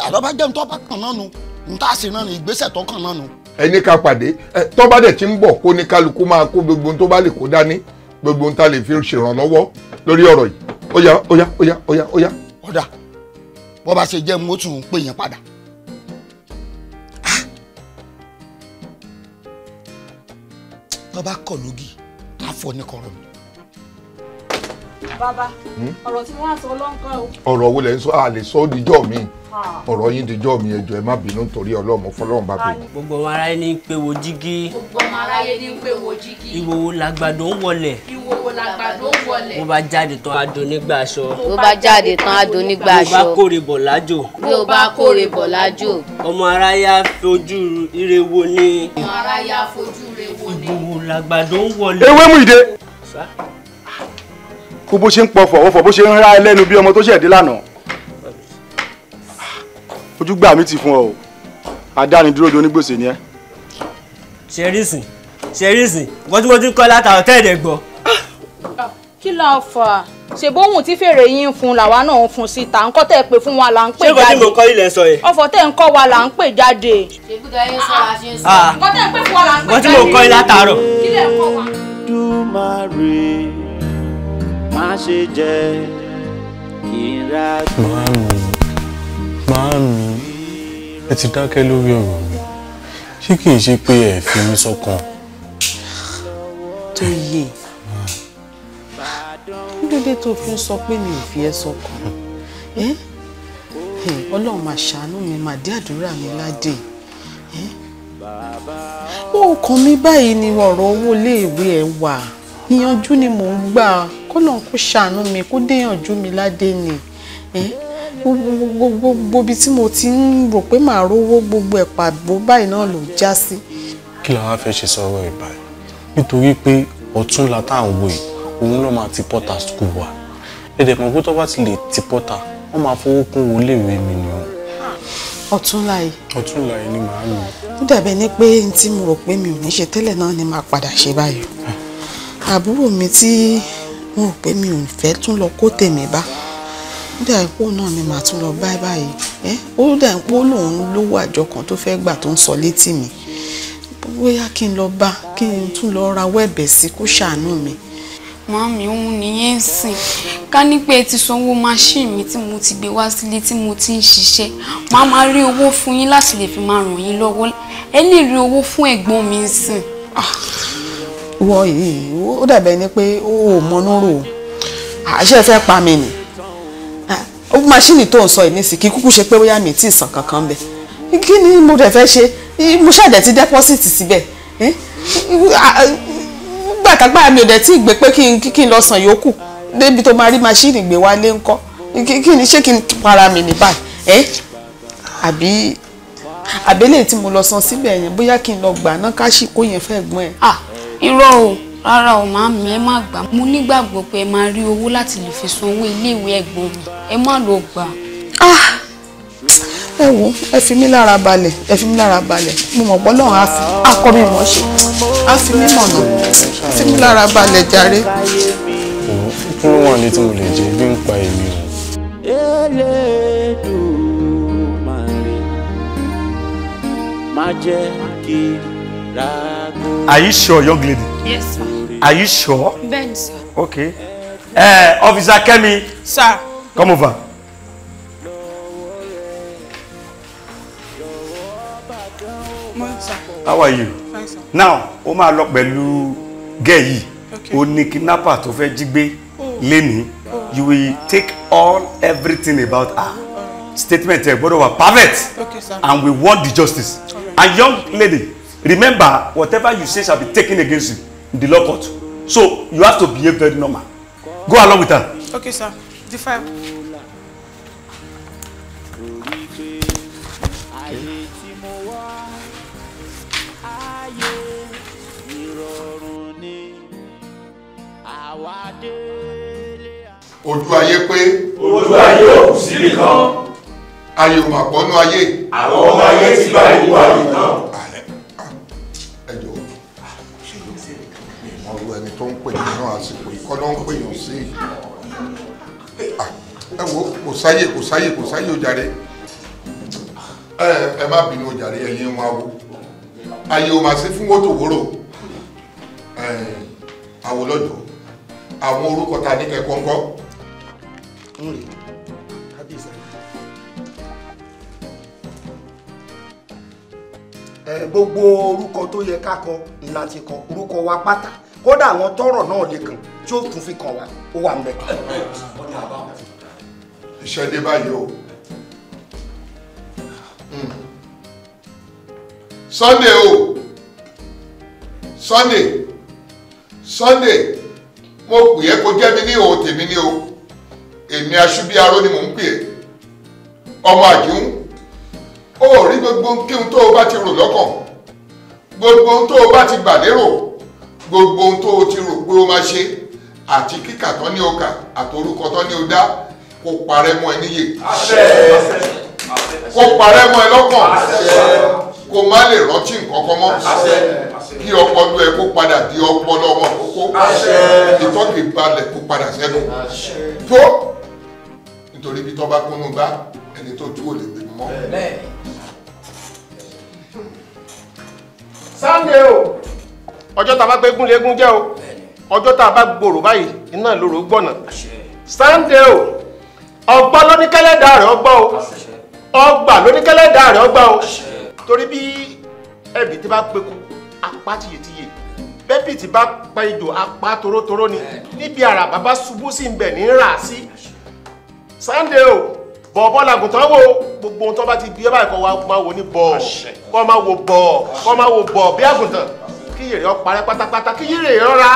àlọ́ bá jẹun tó bá kàn náà nu n ta sí náà ni ìgbésẹ̀ tó kàn náà nu. ẹni ká pàdé tó bá dẹ̀ ti ń bọ̀ kó ní kálukú máa kó gbogbo ohun tó bá lè kó dání gbogbo ohun tá lè fi ṣèrànlọ́wọ́ lórí ọ̀rọ̀ yìí ó yá ó yá ó yá ó yá ó yá. ọ̀dà bó bá ṣe jẹ́ mọ́tò ń pè yẹn padà. Ah! tó bá kọ̀ lógì àfọ̀ ní kọ̀rọ̀ mi bàbá hmm? ọ̀rọ̀ tí wọ́n á sọ lọ́nkàn o. ọ̀rọ̀ wo lẹ ń sọ a lè sọ ọ́ díjọ́ mi ọ̀rọ̀ yín díjọ́ mi ẹjọ́ ẹ má bínú nítorí ọlọ́mọ fọlọ́run bá bínú. gbogbo ọmọ aráyé ní pé wo jígí. gbogbo ọmọ aráyé ní pé wo jígí. ìwòwò làgbàdo ń wọlẹ̀. ìwòwò làgbàdo ń wọlẹ̀. bó bá jáde tán á dùn nígbà aṣọ. bó bá jáde tán á dùn nígbà aṣọ. bí o bá kórè bọ̀ lájò. bí o bá kórè bọ̀ lájò. ọmọ aráyé á fojú ire wo ni. ọmọ aráyé á fojú ire wo ni. ìwòwò làgbàdo ń wọlẹ̀. ewé mú ìdè kó bó ṣe ń pọfọ̀ ọ̀fọ̀ bó ṣe ń rá ẹlẹ́nu bí ọmọ tó ṣẹ̀dí lánàá ojúgbà mi ti fún ọ o adánidúró di onígbèsè ni ẹ. ṣe rí sìn ṣe rí sìn mọ́tímọ́tí kọ́ látàrọ̀ tẹ́ẹ̀dẹ̀ gbọ́. Ah, kí la fà ṣèbóhùn tí fèrè yín fún làwa náà ń fún síta nǹkan tẹ́ ẹ pè fún wa là ń pè jáde ṣé kò tí mo kọ́ ilẹ̀ sọ yẹn. ọ̀fọ̀ tẹ́ ń kọ́ wa là ń pè jáde. Ah, ah. nǹkan tẹ́ ń pè fún wa là ń pè jáde. wọ́n mo kọ́ ilẹ̀ àtàrọ̀. kílẹ̀ ń kọ́ wa má ṣe jẹ kí n ra gbọ́. màámi màámi ẹ ti dákẹ́ lórí ọ̀rọ̀ mi ṣé kìí ṣe pé ẹ fi mí sọ́kàn. tó yé nídéédé tó fi ń sọ pé mi ò fi ẹ́ sọ́kàn ọlọ́run máa ṣàánú mi máa dé àdúrà mi ládé ó kàn báyìí ni ọ̀rọ̀ owó iléèwé ẹ̀ wà ìyànjú ni mò ń gbà kọ́nà kó ṣàánú mi kó déyànjú mi ládé ni gbogbo ibi tí mo ti ń rò pé màá rówó gbogbo ẹ̀ pàbó báyìí náà ló já sí. kí la wá fẹ́ ṣe sọ́rọ̀ ìbá ẹ̀ nítorí pé ọ̀túnla tá à ń wo yìí òun náà máa ti pọ́tà skul wa ẹ̀dẹ̀ mọ̀ pé tó bá ti lè ti pọ́tà wọ́n máa fowó kún owó léèwé mi ni o. ọ̀túnla yìí. ọ̀túnla yìí ni màá lò. ó dàbẹ̀ ni pé n tí mo rò pé mi ò ní ṣe tẹ́lẹ̀ náà ni màá padà ṣe báyìí. àbúrò mi tí mo rò pé mi ò fẹ́ tún lọ kó tèmi bá nígbà ìpò náà ni màá tún lọ báyìí báyìí ẹ ó dà ń pò lòun lówó àjọ kan tó fẹ́ gbà tó ń sọ létí mi bóyá kí n lọ bá kí n tún lọ rawọ́ ẹ̀bẹ̀ sí kó ṣàánú mi. màámi òun nìyẹn ń sìn ká ní pé ẹ ti sanwó máṣíìnì mi tí mo ti gbé wá sílé tí mo ti ń ṣiṣẹ́ màá máa rí owó fún yín láti lè fi máa ràn yín lọ́wọ́ ẹ lè rí owó fún ẹ̀gbọ́n mi ń sìn. Ah, wọ yìí ó dàbẹ̀ ni pé ó ò mọnú rò àṣẹ fẹ́ pa mi nì ó máṣíìnì tó ń sọ yìí nísìkí kúkú ṣe pé bóyá mi ì tí ì sàn kankan bẹ kí ni mo dẹ̀ fẹ́ ṣe mo ṣàdẹ̀ ti dẹ́pọ́sìtì síbẹ̀ gbàtàgbà mi ò dẹ̀ tí ì gbé pé kí n lọ sàn yòókù débi tó máa rí máṣíìnì gbé wálé ńkọ́ kí ni ṣé kí n para mi ní báyìí àbí àbẹ́lẹ̀ tí mo lọ san síbẹ̀ yẹn bóyá kí n lọ gbà náà ká kó yẹn fẹ́ gbọ́n ẹ̀ irọ́ o rárá o máa mi ẹ má gbà mo nígbàgbọ́ pé ẹ máa rí owó láti lè fi sanwó iléèwé ẹ̀gbọ́n mi ẹ má lọ gbà. Ah! ẹ wo ẹ fi mí lára balẹ̀ ẹ fi mí lára balẹ̀ mo mọ̀ gbọ́dọ̀ akọ mi mọ̀ ṣe á fi mí mọ̀nà fi mí lára balẹ̀ jàre. kí ló wà ní tí mo lè jẹ bí ń pa èmi o. elédùn máa jẹ́ kí rárá. Are you sure, young lady? Yes, sir. Are you sure? Ben, sir. Okay. uh, Officer Kemi. Sir. Come over. How are you? Fine, sir. Now, Omar máa lọ pẹ̀lú girl yìí. Okay. Ó kidnapper tó fẹ́ jí oh. Oh. You will take all everything about her. Oh. Statement ẹ gbọ́dọ̀ perfect. Okay, sir. And we want the justice. All right. And young lady, remember whatever you say shall be taken against you in the law court so you have to behave very normal go along with am. okay sir the file. ojú ayé pé ojú ayé òkú síbì kan ayò màpọ̀nú ayé àwọn ọmọ ayé ti bá ìlú àlùkò náà. tó ń pè nínú àsìkò ìkọ́ ló ń pè yàn sí ah, ẹ wo kò sáyè kò sáyè kò sáyè ojàre ẹ ẹ má bínú ojàre ẹ̀yin wọn awo ayé o máa ṣe fún wọ́tò wúrò àwòlọ́jọ́ àwọn orúkọ ta ní kẹ́kọ̀ọ́ ńkọ́. ń rè kábíyèsí ẹ gbogbo orúkọ tó yẹ ká kọ la ti kọ orúkọ wa pátá kódà àwọn tọrọ náà lè kàn tí ó tún fi kàn wá ó wà ń iṣẹ́ dé báyìí o hmm. Sunday o Sunday Sunday mo pè é kó jẹ́ mi ní ìhò tèmi ní o èmi aṣúbíaró ni mò ń pè é ọmọ àdìhún ó rí gbogbo kí n tó o bá ti rò lọ́kàn gbogbo tó o bá ti gbà lérò gbogbo ohun tó o ti rò pé o máa ṣe àti kíkà tán ní ọkà àtòrúkọ tán ní ọdá kó parẹ́ mọ́ ẹ níyè kó parẹ́ mọ́ ẹ lọ́kàn kó má lè rántí nǹkan kan mọ́ kí ọpọlọ ẹ kó padà di ọpọlọ ọmọ kókó ìtọ́kì balẹ̀ kó padà sẹ́nu tó nítorí bí tọ́ bá kúnnú bá ẹni tó dúró lè gbé mọ́. Sunday o ọjọ́ tá a bá pé gún légún jẹ́ o ọjọ́ tá a bá gbòòrò báyìí iná lòrò gbọ̀nà Sunday o ọgbọ́ lóníkẹ́lẹ́dà rẹ̀ ọgbọ́ o ọgbà lóníkẹ́lẹ́dà rẹ̀ ọgbà o torí bí ẹbí ti bá peku apá tiyetiye bẹ́bí ti bá pa ejò apá torótoró ni níbi ara bàbá ṣubú sí ń bẹ̀ ní rà sí Sunday o bọ̀ọ̀bọ̀ làgùntàn wo gbogbo ohun tó bá ti bí ẹ báyìí kọ́ máa wo ní bọ̀ọ̀ kọ́ máa wo bọ̀ọ̀ kọ́ máa wo bọ̀ọ̀ bí àgùntàn kí yèrè ọ parẹ́ pátápátá kí yèrè rọra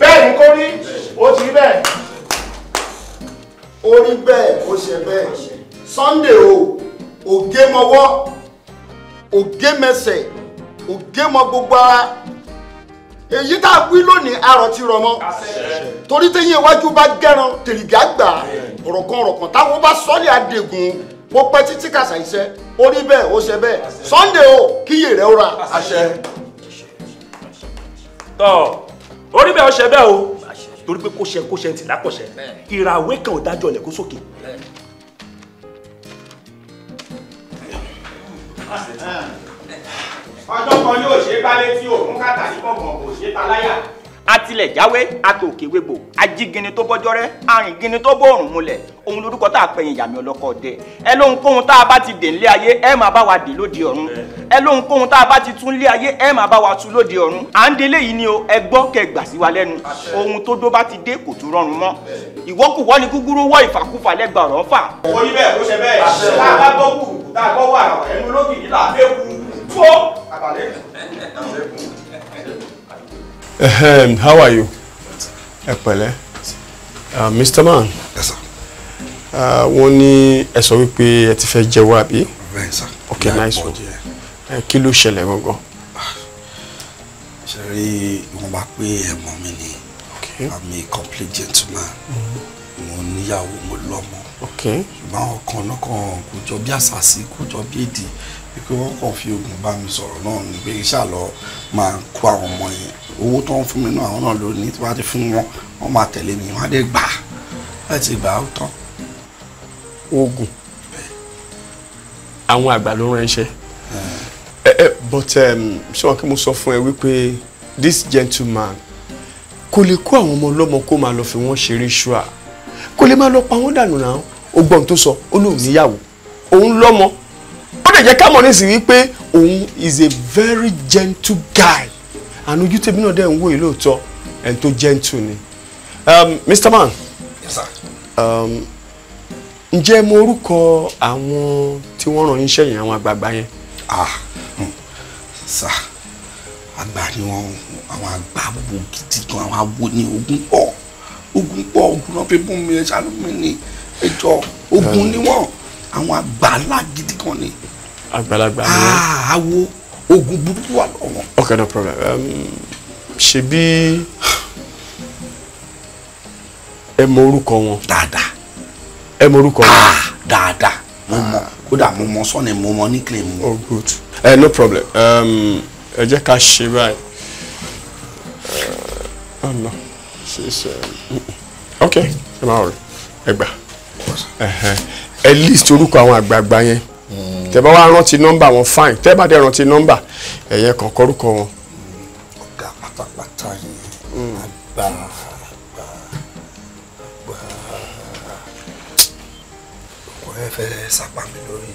bẹ́ẹ̀ ni kó rí ó ti rí bẹ́ẹ̀. ó rí bẹ́ẹ̀ ó ṣe bẹ́ẹ̀ Sunday o ògémọwọ́ ògémẹsẹ̀ ògémọ gbogbo ara èyí tá a wí lónìí arọ ti rọ mọ torí téyín iwájú bá gẹran tèrìgà gbà ọ̀rọ̀kan ọ̀rọ̀kan táwọn bá sọ́ọ̀lì àdègùn ó pẹ́ títí kàṣà iṣẹ́ ó rí ó ṣe bẹ́ẹ̀ Sunday o kíyè rẹ̀ ó ra tọ́ orí bẹ́ẹ̀ ọṣẹ bẹ́ẹ̀ o torí pé kó ṣe kó ṣe ti lákọ̀ṣẹ ìràwé kan ò dájọ́ ilẹ̀ kó sókè. ọjọ́ kan yóò ṣe é bá létí òkun kàtà ní gbọ̀ngàn kò ṣe ta láyà atilẹ̀ jáwé atòkèwébò ajígini tó bọ́jọ́ rẹ́ arìngini tó bòrùn múlẹ̀ òun lorúkọ tá a pẹ̀yìn ìyàmì ọlọ́kọ dẹ ẹ lóhunkóhun tá a bá ti dè ńlé ayé ẹ máa bá wa dè lóde ọ̀run ẹ lóhunkóhun tá a bá ti tún lé ayé ẹ máa bá wa tú lóde ọ̀run à ń délé yìí ni o ẹ gbọ́ kẹ gbà sí wa lẹ́nu ohun tó dó bá ti dé kò tún rọrùn mọ́ ìwọ́kùwọ́ ni gúgúrú wọ́ ìfàkúfà lẹ́gbà ọ̀rọ̀ fà. orí Ehem, how are you? Ẹ pẹ̀lẹ́. Uh, Mr. Man. Yes, sir. Uh, wọ́n ní ẹ sọ wípé ẹ ti fẹ́ jẹ́wọ́ àbí? Bẹ́ẹ̀ Ok, nice one. Kí ló ṣẹlẹ̀ gangan? Ah, Ṣé rí ìwọ̀nba pé ẹ̀mọ́ mi ni? I'm a complete gentleman. Mm-hmm. Mo níyàwó, mo lọ́mọ. Ṣùgbọ́n àwọn kan náà kàn kó jọ bí àṣàṣì, kó jọ bí èdè. Pé wọ́n kàn fi oògùn bá mi sọ̀rọ̀ náà ni pé ṣáà lọ máa kó àwọn ọmọ yẹn owó tó ń fún mi náà àwọn náà ló ní tí wọ́n á ti fún wọn wọ́n máa tẹ̀lé mi wọ́n á dé gbà á ti gbà ó tán. oògùn àwọn àgbà ló ránṣẹ́ ẹ ẹ eh, eh, but um, ṣé wọn kí mo sọ fún ẹ wípé this gentleman kò lè kó àwọn ọmọ ọlọ́mọ kó máa lọ fi wọ́n ṣeré ṣúà kò lè máa lọ pa wọ́n dànù náà ó gbọ́ ohun tó sọ ó lóun níyàwó òun lọ́mọ ó lè jẹ́ ká mọ̀ nísìnyí pé òun is a very gentle guy àánú ojú tèmi náà dẹ̀ ń wò yìí lóòótọ́ ẹni tó gentle ni. Mr. Um, Man. Yes sir. Um, ǹjẹ́ mo orúkọ àwọn tí wọ́n ràn iṣẹ́ yẹn àwọn àgbààgbà yẹn. ah hmm. sà àgbà ni wọn àwọn àgbà wo gidi gan àwọn awo ni ogun pọ̀ ogun pọ̀ ogun náà fi bún mi ẹ ṣàlùmí ni ẹjọ ogun ni wọn àwọn àgbà ńlá gidi gan ni. àgbàlagbà ni wọn. Ah, awo ogun burúkú wà lọ́wọ́. okay no problem um, ṣebí ẹ mọ orúkọ wọn. dáadáa. ẹ mọ orúkọ wọn. Ah, dáadáa mo mọ kódà mo mọ sọ́ni mo mọ níkìlẹ̀ mo. oh good eh, no problem um, ẹ jẹ́ ká ṣe báyìí ọ̀nà uh, oh, ṣíṣe ok ẹ máa rọ ẹ gbà ẹ list orúkọ àwọn àgbààgbà yẹn tẹ́ bá wá rántí nọ́mbà wọn fine tẹ́ bá dẹ̀ rántí nọ́mbà ẹ̀yẹ kan kọ́rúkọ wọn. ọ̀gá pátápátá yìí hmm. àgbà àgbà àgbà ọkọ ẹ fẹ́ sápá mi lórí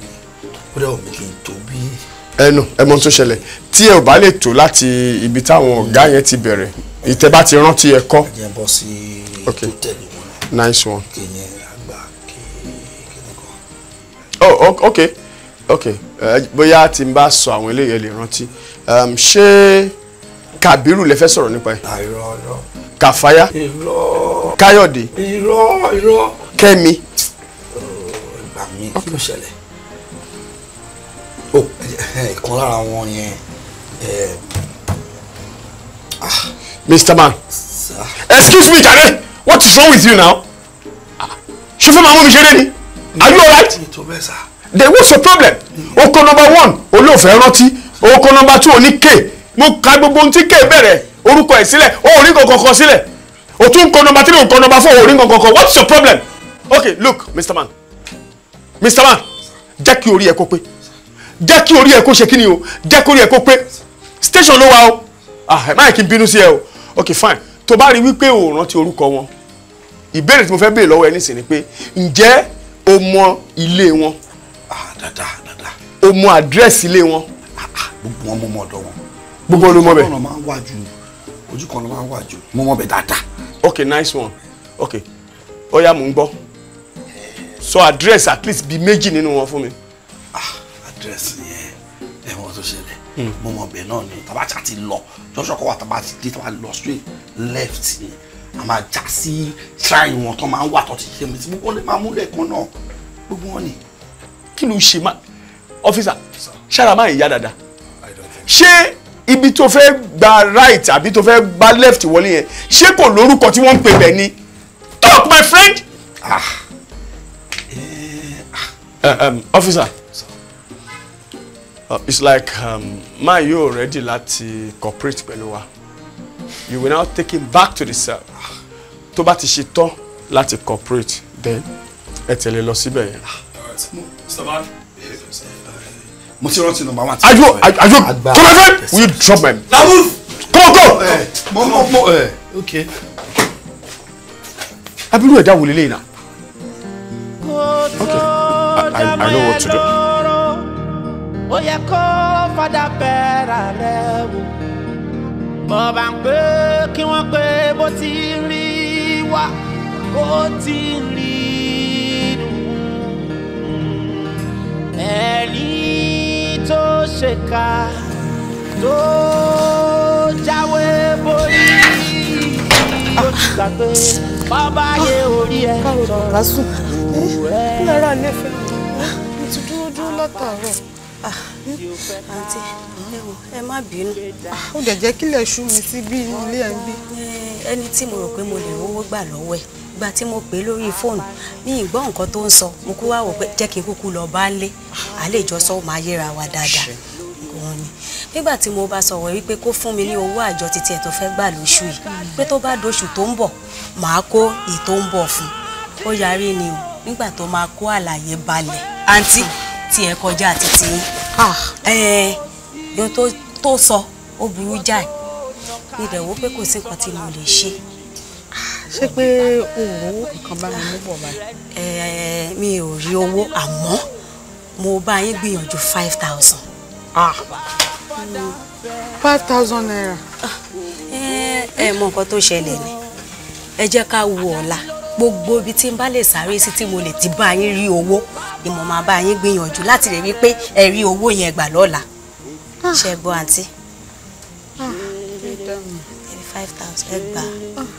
ó dẹ̀ omi kì í tóbi. ẹnu ẹ tó ṣẹlẹ̀ tí ẹ ò bá lè tó láti ibi táwọn ọ̀gá yẹn ti bẹ̀rẹ̀ hmm. ìtẹ́ ti rántí ẹ kọ́. ẹ jẹ́ bọ́ sí tó tẹ̀lé wọn. nice one. kìnìún àgbà kìnìún kan. Oh, oh okay ok eh, bóyá tí n bá sọ àwọn eléyìí lè rántí um, ṣé Kàbírù lè fẹ́ sọ̀rọ̀ nípa ẹ̀. àìrọ̀ ah, ọ̀rọ̀. Kàfáyá. irọ́. Káyọ̀dé. irọ́ irọ́. Kẹ́mi. Oh, ìgbà mi kí ló ṣẹlẹ̀ o oh, ìkan lára wọn yẹn. Ah. Mr. Man excuse me jare what is wrong with you now ah, ṣé fún mi àwọn omi ṣeré ni are you alright. ètò bẹ́ẹ̀ sá then what's your problem oko number one olóòfẹ́ rántí oko number two oní k mo ka gbogbo ohun tí k bẹ̀rẹ̀ orúkọ ẹ̀ sílẹ̀ o ò rí nǹkan kan sílẹ̀ o tún kọ number three nǹkan number four o ò rí nǹkan kan what's your problem okay look mr man mr man jẹ́ kí orí ẹ̀ kó pé jẹ́ kí orí ẹ̀ kó ṣe kí o jẹ́ kí orí ẹ̀ kó pé station ló wà o ah ẹ̀ má yẹ kí n bínú sí ẹ o okay fine tó bá rí wípé o rántí orúkọ wọn ìbéèrè tí mo fẹ́ béèrè lọ́wọ́ ẹ nísìnyí pé ǹjẹ́ o mọ ilé wọn Ah, dáadáa dáadáa. o mọ àdírẹ́sì ilé wọn. Ah, ah, gbogbo wọn mo mọ ọ̀dọ̀ wọn. gbogbo wọn ló mọ bẹ. ojú kan náà máa ń wà jù ojú kan náà máa ń wà jù mo mọ bẹ dáadáa. ok nice one ok Oya yá mò ń gbọ́ sọ address at least bíi méjì nínú wọn fún mi. address yẹn ẹ wọn tó ṣẹlẹ̀ hmm. mo mọ bẹ náà ni tàbá ṣá ti lọ jọ́sọ̀ kọ́ wa tàbá ti dé tàbá lọ straight left yẹn a máa já sí shrine wọn tó máa ń wà tó ti ṣe mi tí gbogbo wọn lè máa múlẹ̀ kan náà gbogbo wọn ni kí ló ṣe má ọ́fíìsà ṣára má ìyá dáadáa ṣé ibi tó fẹ́ gba right àbí tó fẹ́ gba left wọlé yẹn ṣé kò lórúkọ tí wọ́n ń pè bẹ́ẹ̀ ni talk my friend. ọ́fíìsà ah. eh, eh, um, uh, it's like um, man you ready láti cooperate pẹ̀lú wa you will now take him back to the cell tó bá ti ṣe tán láti cooperate then ẹ tẹ̀lé lọ síbẹ̀ yẹn. Ah mo ti rántí number one. ajo ajo come my will you drop my. na move. come on go. Eh, mo mo mo eh. okay. abiru ẹ̀dá wo lélẹ́yìn náà. okay I, I, I know what to do. ó yẹ kó fada bẹ́ẹ̀rẹ̀ rẹ̀ wò. bọ́ bá ń pè kí wọ́n pé bó ti rí wá ó ti rí i ẹni tó ṣèkà tó jáwé borí yóò ti gbà pé bàbá yẹ orí ẹ tọrọ òwú eh, ẹ. lára nífẹ̀ẹ́ mi ah, ti dúró dúró látàárọ̀. Ah, àǹtí ẹ̀wọ̀ eh, ẹ má bínú. Ah, ó dẹ̀ jẹ́ kílẹ̀ ṣú mi sí bí ilé ẹ̀ ń bí. Eh, ẹni tí mo rò pé mo lè rówó gbà lọ́wọ́ ẹ̀ ìgbà tí mo pè lórí fóònù ní ìgbọ́ nǹkan tó ń sọ mo kú wá wò pé jẹ́ kí n kúkú lọ bá ń lé àlẹ́ máa yẹra wa dáadáa òun ni nígbà tí mo bá sọ̀rọ̀ wípé kó fún mi ní owó àjọ títí ẹ̀ tó fẹ́ gbà lóṣù yìí pé tó bá doṣù tó ń bọ̀ màá kó èyí tó ń bọ̀ fún ó yarí ni o nígbà tó máa kó àlàyé balẹ̀ àǹtí tí ẹ kọjá àti tí yín ah. tó sọ ó burú jáì ìdẹ̀wò pé kò sí nǹkan tí mo lè ṣe ṣé pé o ò rówó kankan bá mi mú bọ̀ báyìí. ẹ ẹ mi ò rí owó àmọ́ mo bá yín gbìyànjú five thousand. five thousand naira. ẹ mọ nǹkan tó ṣẹlẹ̀ ni ẹ jẹ́ ká wo ọ̀la gbogbo ibi tí n bá lè sáré sí tí mo lè ti bá yín rí owó ni mo máa bá yín gbìyànjú láti lè rí pé ẹ rí owó yẹn gbà lọ́la ah. ṣe gbọ́ àǹtí. Ah. five thousand ẹ gbà. Ah.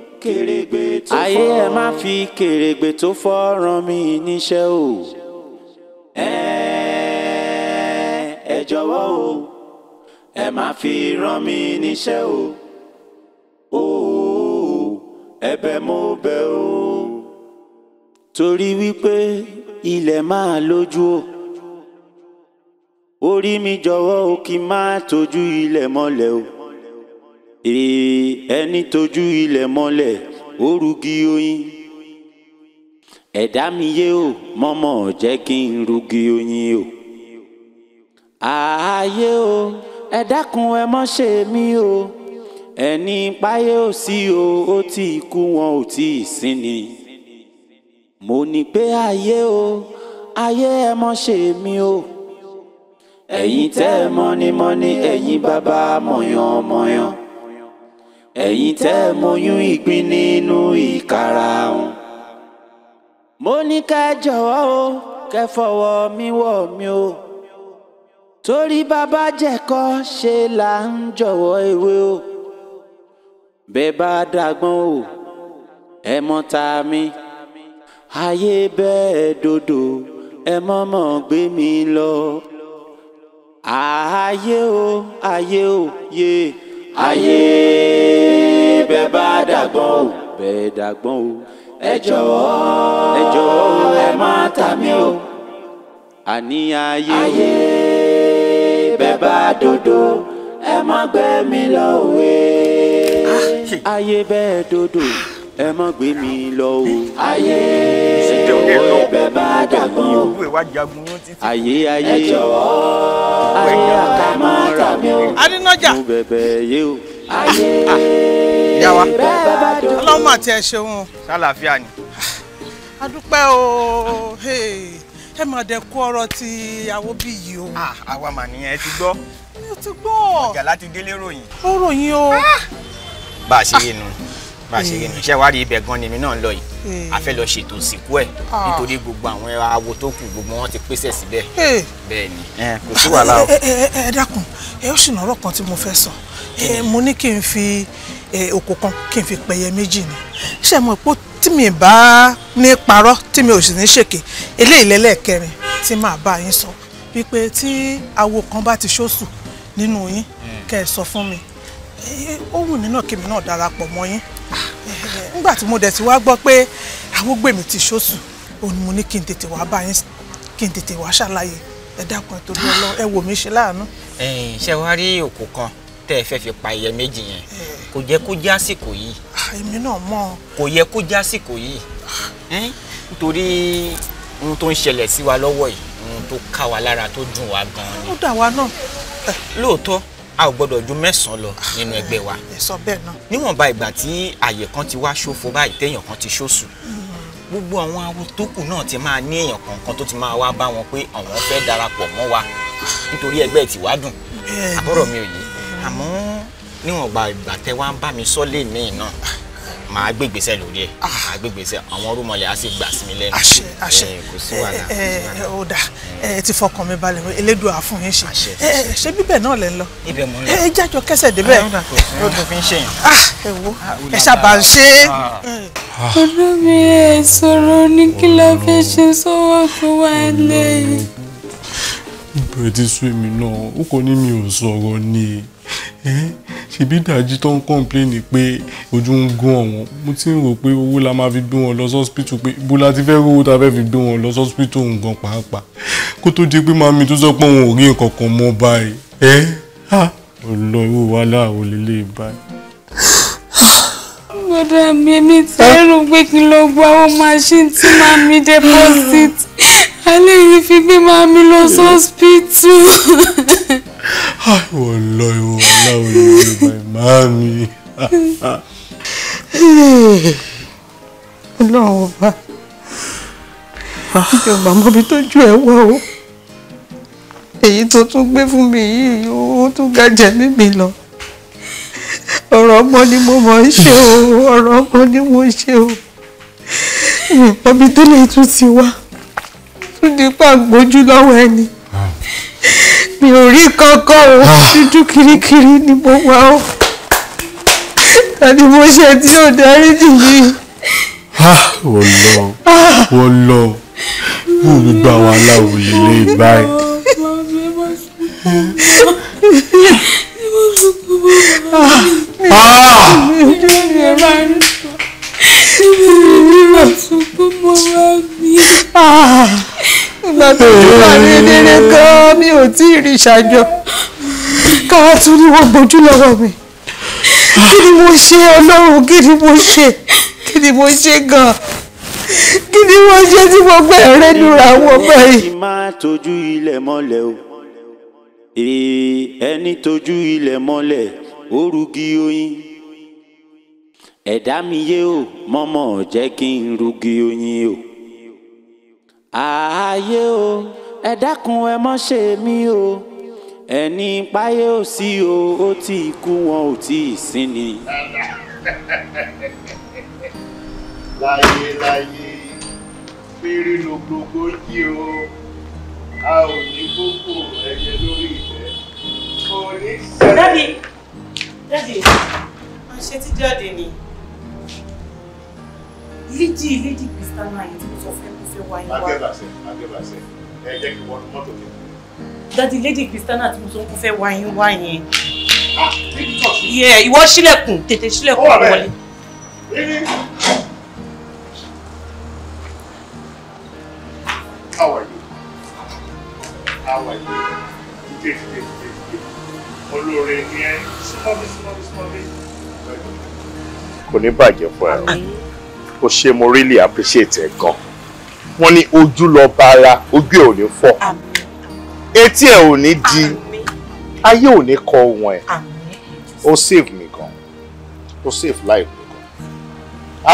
ayé ẹ má fi kèrègbè tó fọ́ rán mi níṣẹ́ o. ẹ jọ̀wọ́ o ẹ má fi rán mi níṣẹ́ o. o ẹ̀bẹ̀ mo bẹ̀ o. torí wípé ilẹ̀ máa lójú o. orí mi jọ̀wọ́ o kí n má tójú ilẹ̀ mọ́lẹ̀ o èè ẹni tójú ilẹ̀ mọ́lẹ̀ orugi oyin ẹ̀dá mi yé o mọ́mọ́ jẹ́ kí n rugi oyin o ààyè o ẹ dákun ẹ mọ́ ṣe o ẹni páyé ò sí o ó ti kú wọn ò tí ì sí ni mo ní pé ààyè o ààyè ẹ mọ́ ṣe mí o ẹ̀yin tẹ́ ẹ mọ́nímọ́ní ẹ̀yin bàbá mọ̀yánmọ́yán ẹ̀yin tẹ́ moyún ìgbín nínú ìkarahun. mo ní ká jọ̀wọ́ o kẹ́ fọwọ́ mi wọ̀ mí o torí bàbá jẹ̀kọ́ ṣe là ń jọ̀wọ́ ewé o bẹ́ẹ̀ bá dàgbọ́n o ẹ mọ́ ta mi ayé bẹ́ẹ̀ dodo ẹ mọ́ gbé mi lọ ààyè o ààyè o yé. Yeah ayé bẹ́ẹ̀ bá dàgbọ́n o bẹ́ẹ̀ dàgbọ́n o ẹ jọ̀wọ́ ẹ jọ̀wọ́ ẹ má tà o àní ayé ayé bẹ́ẹ̀ bá dodo ẹ má gbé mi lọ òwe ah, ayé bẹ́ẹ̀ dodo ah. ẹ má gbé mi lọ o ayé owó ibẹ̀ bá dàgbọ́n ayé ayé ayé àkàmọ́ra mi ò adínájà mo bẹ̀bẹ̀ yé o ayé ah. yàwá ọlọ́run àti ẹ ṣeun. sálàáfíà ni. adúpẹ́ o ẹ máa dẹ̀kú ọ̀rọ̀ ti àwọn bí yìí o. Ah, àwa mà nìyẹn ti gbọ́. mi ò ti gbọ́. ọ̀jà láti délé ròyìn. ó ròyìn o. Ah. bá a ṣe yé nu máa ṣe rìn iṣẹ́ wádìí ibẹ̀ gan nèmi náà lọ yìí hmm. a fẹ́ lọ ṣètò ìsìnkú ẹ̀ ah. nítorí gbogbo àwọn awo tó kù gbogbo wọn ti pèsè síbẹ̀ eh. bẹ́ẹ̀ ni kò sí wàhálà o. Eh, eh, ẹ dákun ẹ ó ṣìnà ọ̀rọ̀ kan tí mo fẹ́ sọ mo ní kí n fi òkò kan kí n fi pẹyẹ méjì ni ṣé mo pò tí mi bá ní parọ́ tí mi ò sì ní ṣèké eléyìí lẹ́lẹ́kẹrin tí màá bá yín sọ wípé tí awo kan bá ti ṣóṣù nínú yín hmm. kẹ́ ẹ sọ fún mi ó wù mí náà kémi náà darapọ̀ mọ́ yín nígbà tí mo dẹ̀ ti wá gbọ́ pé àwọn gbèmí ti ṣóṣù òun mo ní kí n tètè wá bá yín kí n tètè wá ṣàlàyé ẹ dákun ẹ torí Ọlọ́run ẹ wò mí ṣe láàánú. ṣé wàá rí òkú kan tẹ́ ẹ fẹ́ fi pa ẹyẹ méjì yẹn eh. kò yẹ kó jẹ́ àsìkò yìí. Ah, èmi náà mọ̀. kò yẹ kó jẹ́ àsìkò yìí ah. nítorí ohun tó ń ṣẹlẹ̀ sí wa lọ́wọ́ yìí ohun tó ká wa lára tó dùn wá gan-an ó dà wá náà. lóòótọ́ a ò gbọ́dọ̀ ju mẹ́sàn-án lọ nínú ẹgbẹ́ wa níwọ̀nba ìgbà tí àyè kan ti wá ṣòfò báyìí téèyàn kan ti ṣòṣù gbogbo àwọn awo tó kù náà ti máa ní èèyàn kọ̀ọ̀kan tó ti máa wá bá wọn pé àwọn fẹ́ darapọ̀ mọ́ wa nítorí ẹgbẹ́ ti wá dùn àbọ̀rọ̀ mi ò yé àmọ́ níwọ̀nba ìgbà tẹ́ wá ń bá mi sọ́lé mi náà màá gbé ìgbésẹ̀ lórí ẹ̀ ah. màá gbé ìgbésẹ̀ àwọn orúmọlẹ̀ á sì gbà sí mi lẹ́nu àṣẹ àṣẹ kò sí wàhálà ó dà mm. ẹ ti fọkàn mi balẹ̀ elédùn àfún yín ṣe ṣé bíbẹ̀ náà lẹ ń lọ ibẹ̀ mọ́ lọ ẹ jájọ kẹsẹ̀ débẹ̀ ó dùn fi ń ṣe yàn ah, ẹ wo ah, ẹ ṣàbà ń ṣe. ọdún mi ẹ sọ̀rọ̀ ní kí la fẹ́ ṣe sọ́wọ́ tó wà lẹ́yìn. ìbẹ̀rẹ̀ ti sún èmi náà ó kọ ní mi ò sọ̀rọ̀ ni ṣèbí ìdájí tó ń kọ́ńpléènì pé ojú ń gún ọ̀wọ́n mo ti ń rò pé owó la máa fi gbé wọn lọ sọ́spítù pé ibo la ti fẹ́ rówó ta fẹ́ fi gbé wọn lọ sọ́spítù nǹkan pàápàá kó tó di pé màmí tó sọ pé òun ò rí nǹkan kan mọ́ báyìí ẹ́ ọ̀lọ́ ìwò wa láàrọ̀ lélẹ̀ báyìí. gbọ́dọ̀ mi èmi ti rò pé kí n lọ gba àwọn machine tí màmí deposit eléyìí fi gbé máa mi lọ sọ́spítù. àìwọ̀ lọ ìwọ̀ aláwọ̀ ìwé màmá mi. ọlọ́run ọba ìjọba mọ́bí tójú ẹ̀ wá o èyí tó tún gbé fún mi yìí ó tún ga jẹ mímì lọ ọ̀rọ̀ ọmọ ni mo mọ̀ ń ṣe o ọ̀rọ̀ ọmọ ni mo ṣe o ìpọ́nmi tó lè tún ti wá nípa gbójú lọ́wọ́ ẹni mi ò rí kankan o dúdú ah. kirikiri ni mo wá o tàbí mo ṣe tí ò dáríjì yìí. Ah, wọ́n lọ wọ́n lọ wọ́n mi gba àwọn aláwòye lé báyìí. Ah! ah. ah tí mo rí nígbà tó ah. mo wá mi. wà ní eléré gan-an mi ò tí ì rí ṣàjọ káwá tún ni wọ́n gbójú lọ́wọ́ mi kí ni mo ṣe ọlọ́run kí ni mo ṣe kí ni mo ṣe gan-an kí ni mo ṣe tí mo gbẹ rẹ nura wọn báyìí. ẹni máa tójú ilẹ̀ mọ́lẹ̀ o ẹni tójú ilẹ̀ mọ́lẹ̀ ó oyin ẹ̀dá mi yé o mọ́mọ́ jẹ́ kí n rugi oyin o. ààyè o ẹ dákun ẹ mọ́ ṣe mí o ẹni páyé ò sí o ó ti kú wọn ò tí ì sí láyé láyé péré lògbògbò yí o a ò ní gbogbo ẹyẹ lórí ìfẹ́ kò ní. dádì dádì ṣe ti jáde ni léjì léjì kristana yìí tí mo sọ fún ẹ kó fẹ́ wáyé wá. àgbẹ̀bàṣẹ àgbẹ̀bàṣẹ ẹ jẹ́ kí wọ́n mọ́tò mi. dadi léjì kristana tí mo sọ kó fẹ́ wáyé wá yẹn. Ah, ìwọ ṣílẹ̀kùn tètè ṣílẹ̀kùn wọlé. How are you? How are you? Today, today, today, today. Olóore ni ẹ, súnmọ́ mi, súnmọ́ mi, súnmọ́ mi. Kò ní bàjẹ́ fún ẹ o ṣe mo really appreciate ẹ gan wọ́n ní ojú lọ bá ara ojú ẹ ò ní fọ́ etí ẹ ò ní di ayé ò ní kọ ohun ẹ o save mi gan o save life mi gan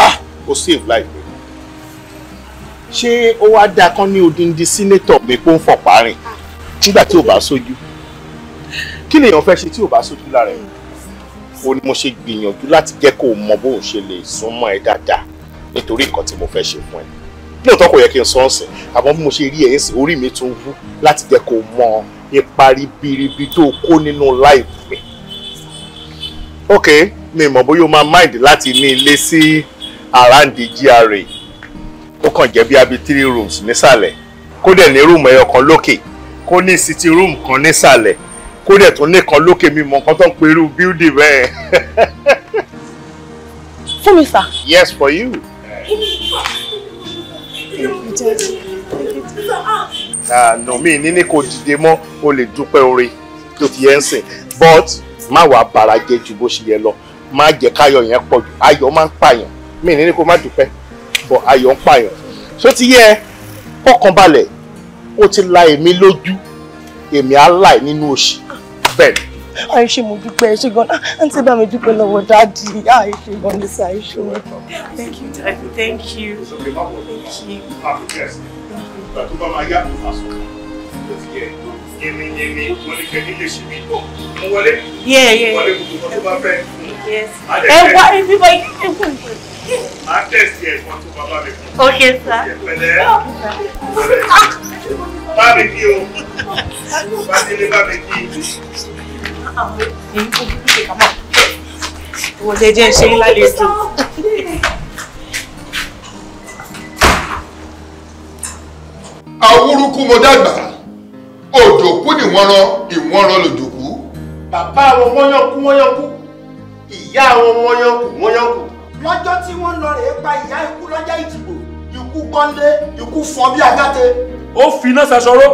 ah o save life mi gan ṣé ó wá dáa kan ní odindi senator mi pé ó ń fọ̀pá rìn nígbà tí ò bá sójú kí lèèyàn fẹ́ ṣe tí ò bá sójú lára ẹ̀ o ni mo ṣe gbìyànjú láti jẹ́ kó o mọ bó o ṣe lè súnmọ́ ẹ dáadáa nítorí nǹkan tí mo fẹ́ ṣe fún ẹ lóòótọ́ kò yẹ kí n sọ ọ̀sìn àmọ́ bí mo ṣe rí ẹ̀yìn sí orí mi tún wú láti jẹ́ kó mọ ipa ribiribi tó kó nínú láìpẹ́ mi. ok mi mọ̀ bóyá o máa mind láti ní ilé sí àràǹdì GRA ó kàn jẹ́ bí abi three rooms nísàlẹ̀ kó dẹ̀ ní rúùmù ẹyọ kan lókè kó ní city room kan nísàlẹ̀ kó dẹ̀ tún ní kan lókè mi mọ̀ nǹkan tó ń pe irú building bẹ́ẹ̀. fún mi sà. yes for you àná ah, mi ní ní kò demo mọ́ o lè dúpẹ́ oore tó but má wa bara jẹ ju bó ṣe yẹ lọ má jẹ́ káyọ̀ yẹn pọ̀ jù ayọ̀ máa ń pààyàn mi ní ní kò má dúpẹ́ but ayọ̀ ń pààyàn tó ti yẹ kọ́kàn balẹ̀ ó ti la èmi lójú èmi á láì nínú òṣì àì ṣe mo dúpẹ́ ṣe gan-an àǹtí bá mi dúpẹ́ lọ́wọ́ dáàdì àì ṣe gan ní sáà ṣe mo. thank you daddy thank you thank you. tó bá máa yá àsùn ló ti yẹ yẹmi yẹmi wọn ní kẹ́kẹ́ lè ṣe mí mo wọlé wọlé gbogbo tó bá fẹ́. ẹ wá ibi bá yẹ kí n kún un. máa tẹ̀sí ẹ̀gbọ́n tó bá bá mi kú. ok sir. pẹ̀lẹ́ ah. bá mi kí o bá délé bá mi kí. Ìwọ jẹ́ jẹ́ ṣe ń lálejò. Awúrúkú mo dàgbà, òjòkú nìwọ́nran, ìwọ́nran lòjòkú. Bàbá wọn wọ́n yànkú wọ́n yànkú, ìyá wọn wọ́n yànkú wọ́n yànkú. Lọ́jọ́ tí wọ́n lọ rèé pa ìyá ikú lọ́jọ́ ìdìbò, ikú kọ́lé, ikú fọ́n bí O Ó finá ṣaṣọró,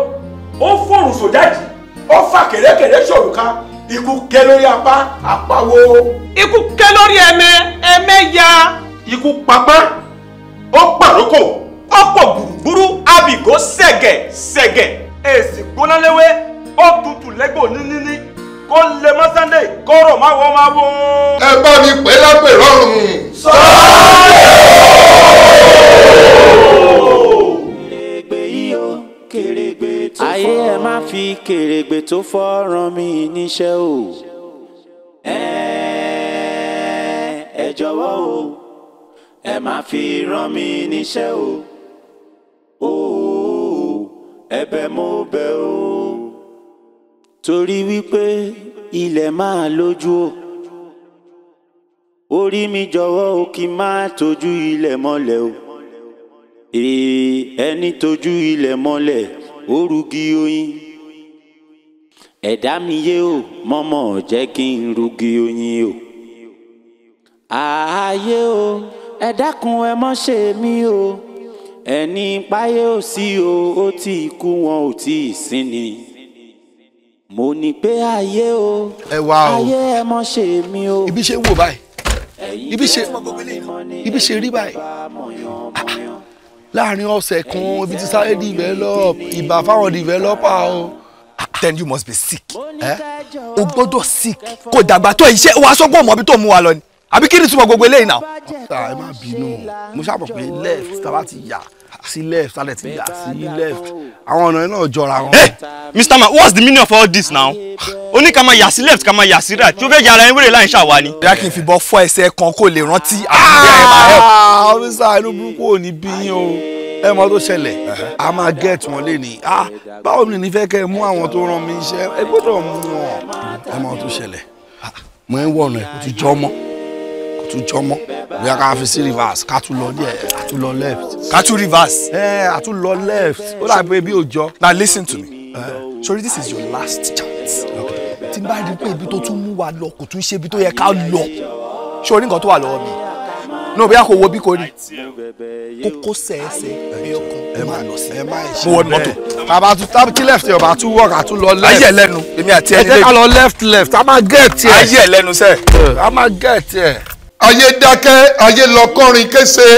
ó fòrùn sójájì, ó fà kèrèkèrè ṣòrùka ikú ké lórí apá àpawó. ikú ké lórí ẹmẹ ẹmẹ ya. ikú papá ó pàrókò ó pọ̀ gbùrùgbùrù abìgó sẹ̀gẹ̀ sẹ̀gẹ̀ èsì gbóná léwé ó tutù lẹ́gbọ̀ọ́ níníní kó lè mọ́ Sunday kọ́rọ̀ má wọ́ má wọ́. ẹ bá mi pè lápè rọrùn. sọ́ọ́lẹ̀. fi kèrègbè tó fọ́ràn mi níṣẹ́ o. ẹ jọ̀wọ́ o ẹ má fi rán mi níṣẹ́ o. o ẹ̀bẹ̀ mo bẹ̀ o. torí wípé ilẹ̀ máa lójú o orí mi jọ̀wọ́ o kí n má tójú ilẹ̀ mọ́lẹ̀ o ẹni tójú ilẹ̀ mọ́lẹ̀ ó rugi oyin ẹ̀dá mi yé o mọ́mọ́ jẹ́ kí n rugi oyin o. ààyè o ẹ dákun ẹ mọ́ ṣe mí o ẹni páyé ò sí o ó ti kú wọn ò tí ì sin ni. mo ní pé ayé o ayé ẹ mọ́ ṣe o. ibi ṣe wò báyìí ibi ṣe ibi ṣe rí báyìí láàrin ọ̀sẹ̀ kan ibi tí sáré develop ìbá fáwọn developer o. Oh then you must be sick eh? o gbọ́dọ̀ sick kò dàgbà tó iṣẹ́ wa sọ pé ọmọ ibi tó mú wa lọ ni àbí kí ni túmọ̀ gbogbo eléyìí náà. ọ̀tá ah, ẹ má bínú mo ṣàbọ̀ pé left tàbá ti yà sí left tàbá ti yà sí left àwọn ọ̀nà náà jọra wọn. hey eh, mr man what's the meaning of all this now ó ní ká máa yà sí left ká máa yà sí right tí ó fẹ́ yàrá ewúrẹ́ láì ṣàwá ni. ìyá kì í fìbọn fọ ẹsẹ̀ kan kó lè rántí àbí ẹ̀ máa help. ọ̀rẹ́sà inú burúkú ò ní bí yín o ẹ mọ tó ṣẹlẹ̀ a máa gẹ̀ẹ́tì wọn lé ní ah báwo ni nífẹ̀ẹ́ kẹ́ ẹ mú àwọn tó rán mi iṣẹ́ ẹ gbọ́dọ̀ mú wọn ẹ mọ tó ṣẹlẹ̀ mo ń wọ̀nà ẹ̀ kò tún jọ mọ́ kò tún jọ mọ́ bí a ká fi sí reverse ká tún lọ díẹ̀ ká tún lọ left. ká tún reverse. ẹ ká tún lọ left ó dàbí pé bí òjọ. now listen to me sorry this is your last chance tí n bá rí i pé ibi tó tún mú wa lọ kò tún ṣe ibi tó yẹ ká lọ ṣé orí nǹkan tó wà lọ́wọ́ mi náà bí a kò wo bí kò rí kókósẹ̀ ẹsẹ̀ ẹyọkan máa lọ sí mo wọ mọ́tò bàbá tún tábí tí left yọ̀ bá tún wọ̀ ká tún lọ left ayé ẹlẹ́nu èmi àti ẹni lẹ́yìn ẹ jẹ́ ká lọ left left a máa get tiẹ̀ ayé ẹlẹ́nu sẹ́ a máa get tiẹ̀. ayé dákẹ́ ayé lọ kọrin kése.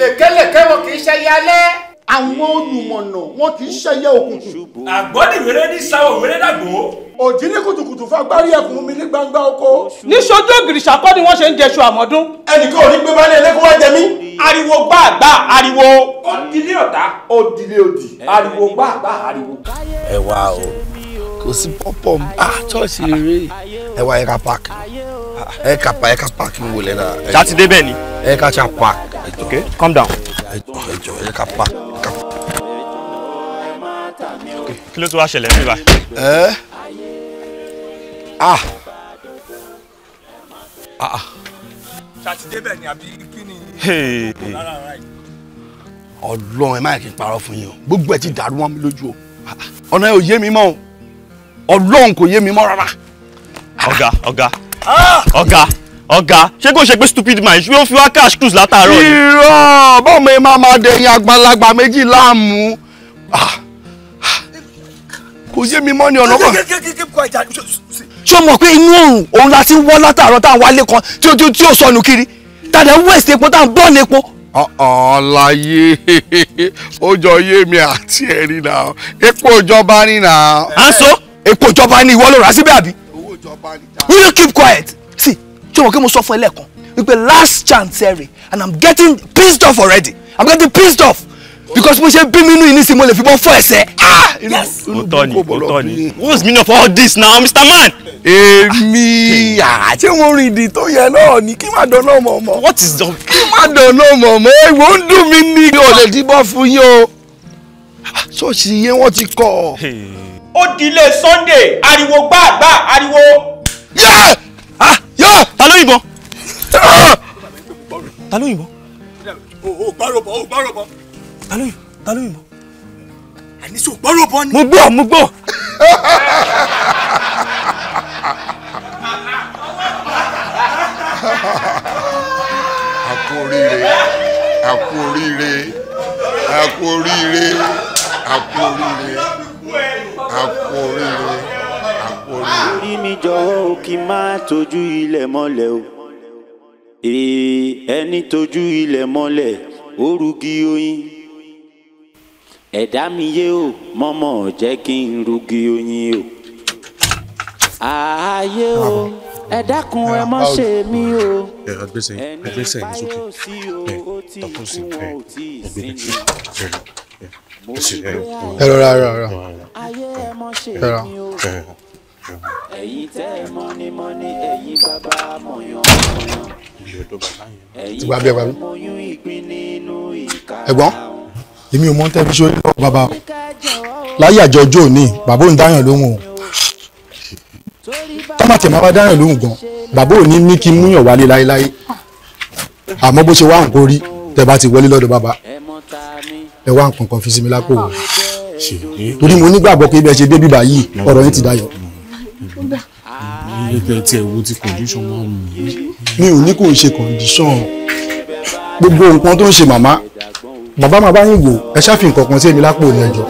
lèkélèké wọn kì í ṣe yálẹ́ àwọn olùmọ̀nà wọn kì í ṣe yẹ òkùnkùn. àgbọ̀dìwéré ní sáwọ̀ wéré dàgbò òjìní kùtùkùtù fún agbárí ẹ̀kún mi ní gbangba oko. ní sojú ògìrìṣà kọ́ ni wọ́n ṣe ń jẹṣu àmọ́dún. ẹnìkan ò ní gbé wálé ẹlẹ́kùn wá jẹ mí. ariwo gbàgbà ariwo. òdìlé ọ̀tá òdìlé òdì ariwo gbàgbà ariwo. ẹ wá o kò sí pọ́pọ́ ah church eré ẹ wá ẹ̀ka park ah, ẹ̀ka park ẹ̀ka park ń wọlé náà. sátidé bẹ́ẹ̀ ni. ẹ̀ka cha park. okay calm down. ẹjọ ẹjọ ẹ̀ka park. kí ló tó wá ṣẹlẹ̀ níbà. ẹ ah ah. ah. ṣàtidé bẹ́ẹ̀ ni àbí kí ni ọlọ́run ẹ má kí n parọ́ fún yín o gbogbo ẹ ti dàrú wọn lójú o ah, ah. ọ̀nà ẹ ò yé mi mọ́ o ọlọ́run kò yé mi mọ́ rárá. ọ̀gá ọ̀gá ọ̀gá ọ̀gá ṣé kò ṣe pé stupid man ṣé ó fi wá cash cruise látàárọ̀ ni. irọ́ bọ́ọ̀mù ẹ máa máa dẹ̀yìn àgbàlagbà méjì láàmú kò yé mi mọ́ ni ọ̀nà kan ṣé o mọ̀ pé inú òrùn òun la ti ń wọ́ látàárọ̀ tá à ń wálé kan tí o tí o sọnù kiri tàdé west epo tá à ń bọ́ọ̀nù epo. ọ̀ọ́láyé ó jọ yé mi àti ẹ̀rí náà epo ìjọba ni náà. à ń sọ epo ìjọba ni ìwọ ló rà síbẹ̀ àbí. owó ìjọba ni dáa. will you keep quiet? see ṣé o mọ̀ pé mo sọ fún ẹ lẹ́ẹ̀kan wípé last chance ẹ rè and i'm getting pissed off already i'm getting pissed off because mo ṣe bí mi inú yìí nísìnyí mo lè fi bọ́ fọ́ ẹsẹ̀. Ah! yes o tọ ni o tọ ni what's the meaning of all this now mr man. èmi àti wọn rìn ìdí tó yẹ náà ni kí má dán náà mọ̀ mọ́. what is the. kí má dán náà mọ̀ mọ́ ìwọ ń dùn mí ní. mi ò lè díbọ́ fún yín o ṣọ́ọ̀ṣì yẹn wọ́n ti kọ́ ọ. ó di ilé sunday ariwo gbàgbà ariwo. yẹ yẹ ta ló yìnbọn ah! ta ló yìnbọn. o ò gbárò bọ̀ o ò bọ̀ ta ló yìnbọn ta ló yìnbọn. àní sọ gbọ́rọ̀ bọ́ ni. mo gbọ́ mo gbọ́. a kú oríire a kú oríire a kú oríire a kú oríire a kú oríire a kú oríire. orí mi jọ̀wọ́ kí n má tójú ilẹ̀ mọ́lẹ̀ o ẹni tójú ilẹ̀ mọ́lẹ̀ ó oyin ẹ̀dá mi yé o mọ́mọ́ jẹ́ kí n rugi oyin o. ààyè o ẹ ẹ mọ́ ṣe mí o ẹni báyọ̀ sí o ó ti kú wọn ò tí ì sinmi. ẹ rọra ẹ rọra ayé ẹ mọ́ ṣe mí o ẹ̀yin bàbá mọ̀yán mọ̀yán ẹ̀yin tẹ́ ẹ mọ̀yún ìpín nínú ìka àwọn èmi ò mọ tẹ́ fi ṣorí lọ́wọ́ bàbá o láyé àjọ ọjọ́ òní bàbá òun dáyàn lóhùn o tọ́mà tẹ̀ máa bá dáyàn lóhùn gan bàbá òní ní kí n múyàn wálé láéláé àmọ́ bó ṣe wá nǹkan rí tẹ́ bá ti wọlé lọ́dọ̀ bàbá ẹ wá nǹkan kan fi sí mi lápò o torí mo nígbàgbọ́ pé ibẹ̀ ṣe dé bíbá yìí ọ̀rọ̀ yín ti dayọ̀. mi ò ní kò ń ṣe kọ̀ǹdíṣọ̀n gbogbo nǹkan tó ń ṣe màmá bàbá máa bá yín wò ẹ ṣáfi nǹkan kan sí èmi lápò ní ẹjọ́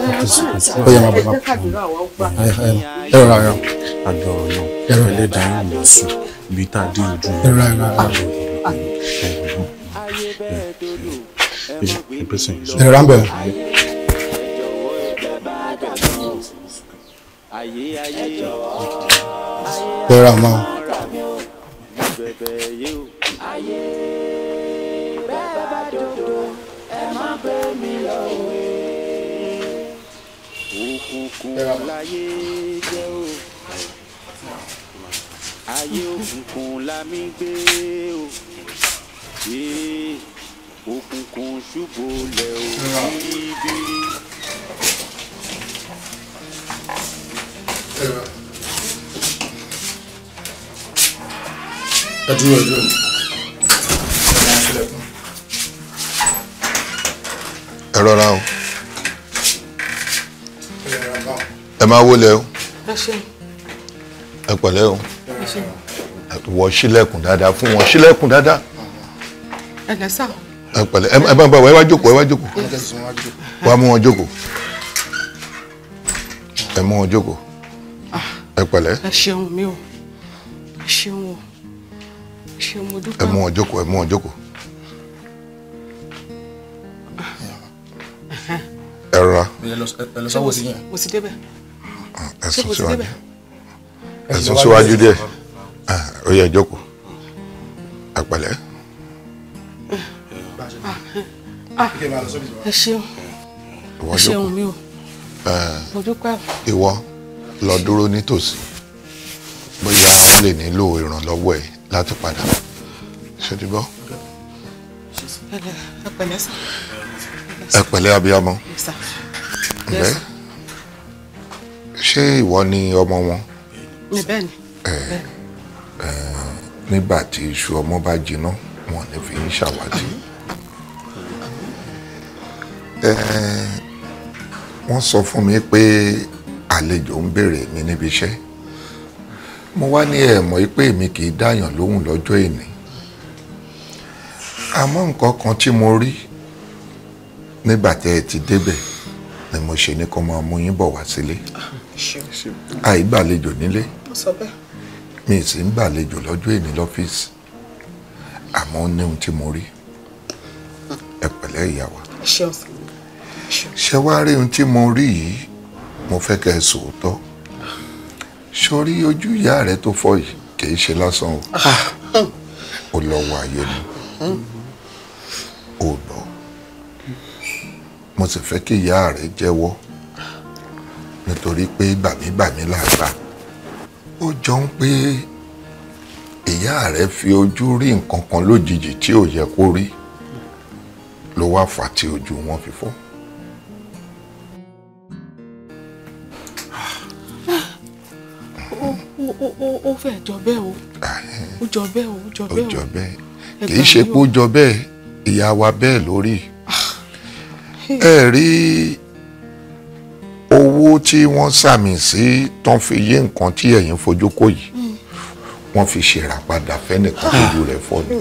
ó yẹ máa bọ̀ máa ẹ rọra ẹ àgbà ọ̀nà ẹ rọra ilé mọ̀ sùn ibi tá a dé ojú ẹ rọra ẹ rọra ẹ rọra ń bẹ̀rẹ̀. ẹ rọra máa. òkùnkùn láyé jẹ́ o ayé òkùnkùn la mí gbé o òkùnkùn ṣubú lẹ̀ o bíríbírí. ẹ dúró ẹ dúró ẹ rọra o. ẹ máa wọlé o ẹ pẹ̀lẹ́ o wọ sílẹ̀kùn dáadáa fún wọn sílẹ̀kùn dáadáa ẹ lẹ́sà ẹ pẹ̀lẹ́ ẹ bá ń bá wa ẹ wá jókòó ẹ wá jókòó wá mú wọn jókòó ẹ mú wọn jókòó ah. ẹ pẹ̀lẹ́ ẹ ṣeun mi o ẹ ṣeun o ẹ ṣeun mo dúpẹ́ ẹ mú wọn jókòó ẹ mú wọn jókòó ah. ẹ rọra ẹ lọ sọ́wọ́ sí yẹn mo ti débẹ̀ ẹ̀sùn síwájú ẹ̀sùn síwájú díẹ̀ ah, ó yẹ ìjókòó ẹ pẹ̀lẹ́. Ah, ah, ẹ ṣeun ẹ ṣeun mi o mo dúpẹ́. ìwọ lọ dúró nítòsí bóyá wọ́n lè nílò ìrànlọ́wọ́ ẹ láti padà ṣe ti bọ́. ẹ pẹ̀lẹ́ abiyamọ. ẹ pẹ̀lẹ́ ṣé ìwọ ni ọmọ wọn. ní bẹ́ẹ̀ ni. nígbà tí iṣu ọmọ bá jiná wọn ní fi ń ṣàwádìí. wọ́n sọ fún mi pé àlejò ń béèrè mi níbi iṣẹ́ mo wá ní ẹ mọ̀ pé èmi kì í dáyàn lóhùn lọ́jọ́ ìní àmọ́ nǹkan kan tí mo rí nígbà tẹ́ ẹ ti débẹ̀ ni mo ṣe ní kó máa mú yín bọ̀ wá sílé. Ah àìgbàlejò nílé mi sì ń gbàlejò lọ́jọ́ èní lọ́fíìsì àmọ́ ó ní ohun tí mo rí ẹ pẹ̀lẹ́ ìyá wa ṣé wàá rí ohun tí mo rí yìí mo fẹ́ kẹ́ ẹ sòótọ́ sórí ojú ìyá rẹ tó fọ́ yìí kì í ṣe lásán o ah, ah. ó lọ wọ àyè mi ò lọ mo sì fẹ́ kí ìyá rẹ jẹ́wọ́ nítorí pé gbàmígbàmí làgbà ó jọ ń pé ìyá rẹ fi ojú rí nǹkan kan lójijì tí ò yẹ kó rí ló wá fà tí ojú wọn fi fọ́. ó fẹ́ jọ bẹ́ẹ̀ o ó jọ bẹ́ẹ̀ o ó jọ bẹ́ẹ̀ o ó jọ bẹ́ẹ̀ kì í ṣe pé ó jọ bẹ́ẹ̀ ìyá wa bẹ́ẹ̀ lórí ah. ẹ rí owó tí wọ́n sàmì sí tán fi yé nǹkan tí ẹ̀yin fojú kò yìí wọ́n fi ṣe ìràpadà fẹ́nìkan tójú rẹ̀ fọ́ ni.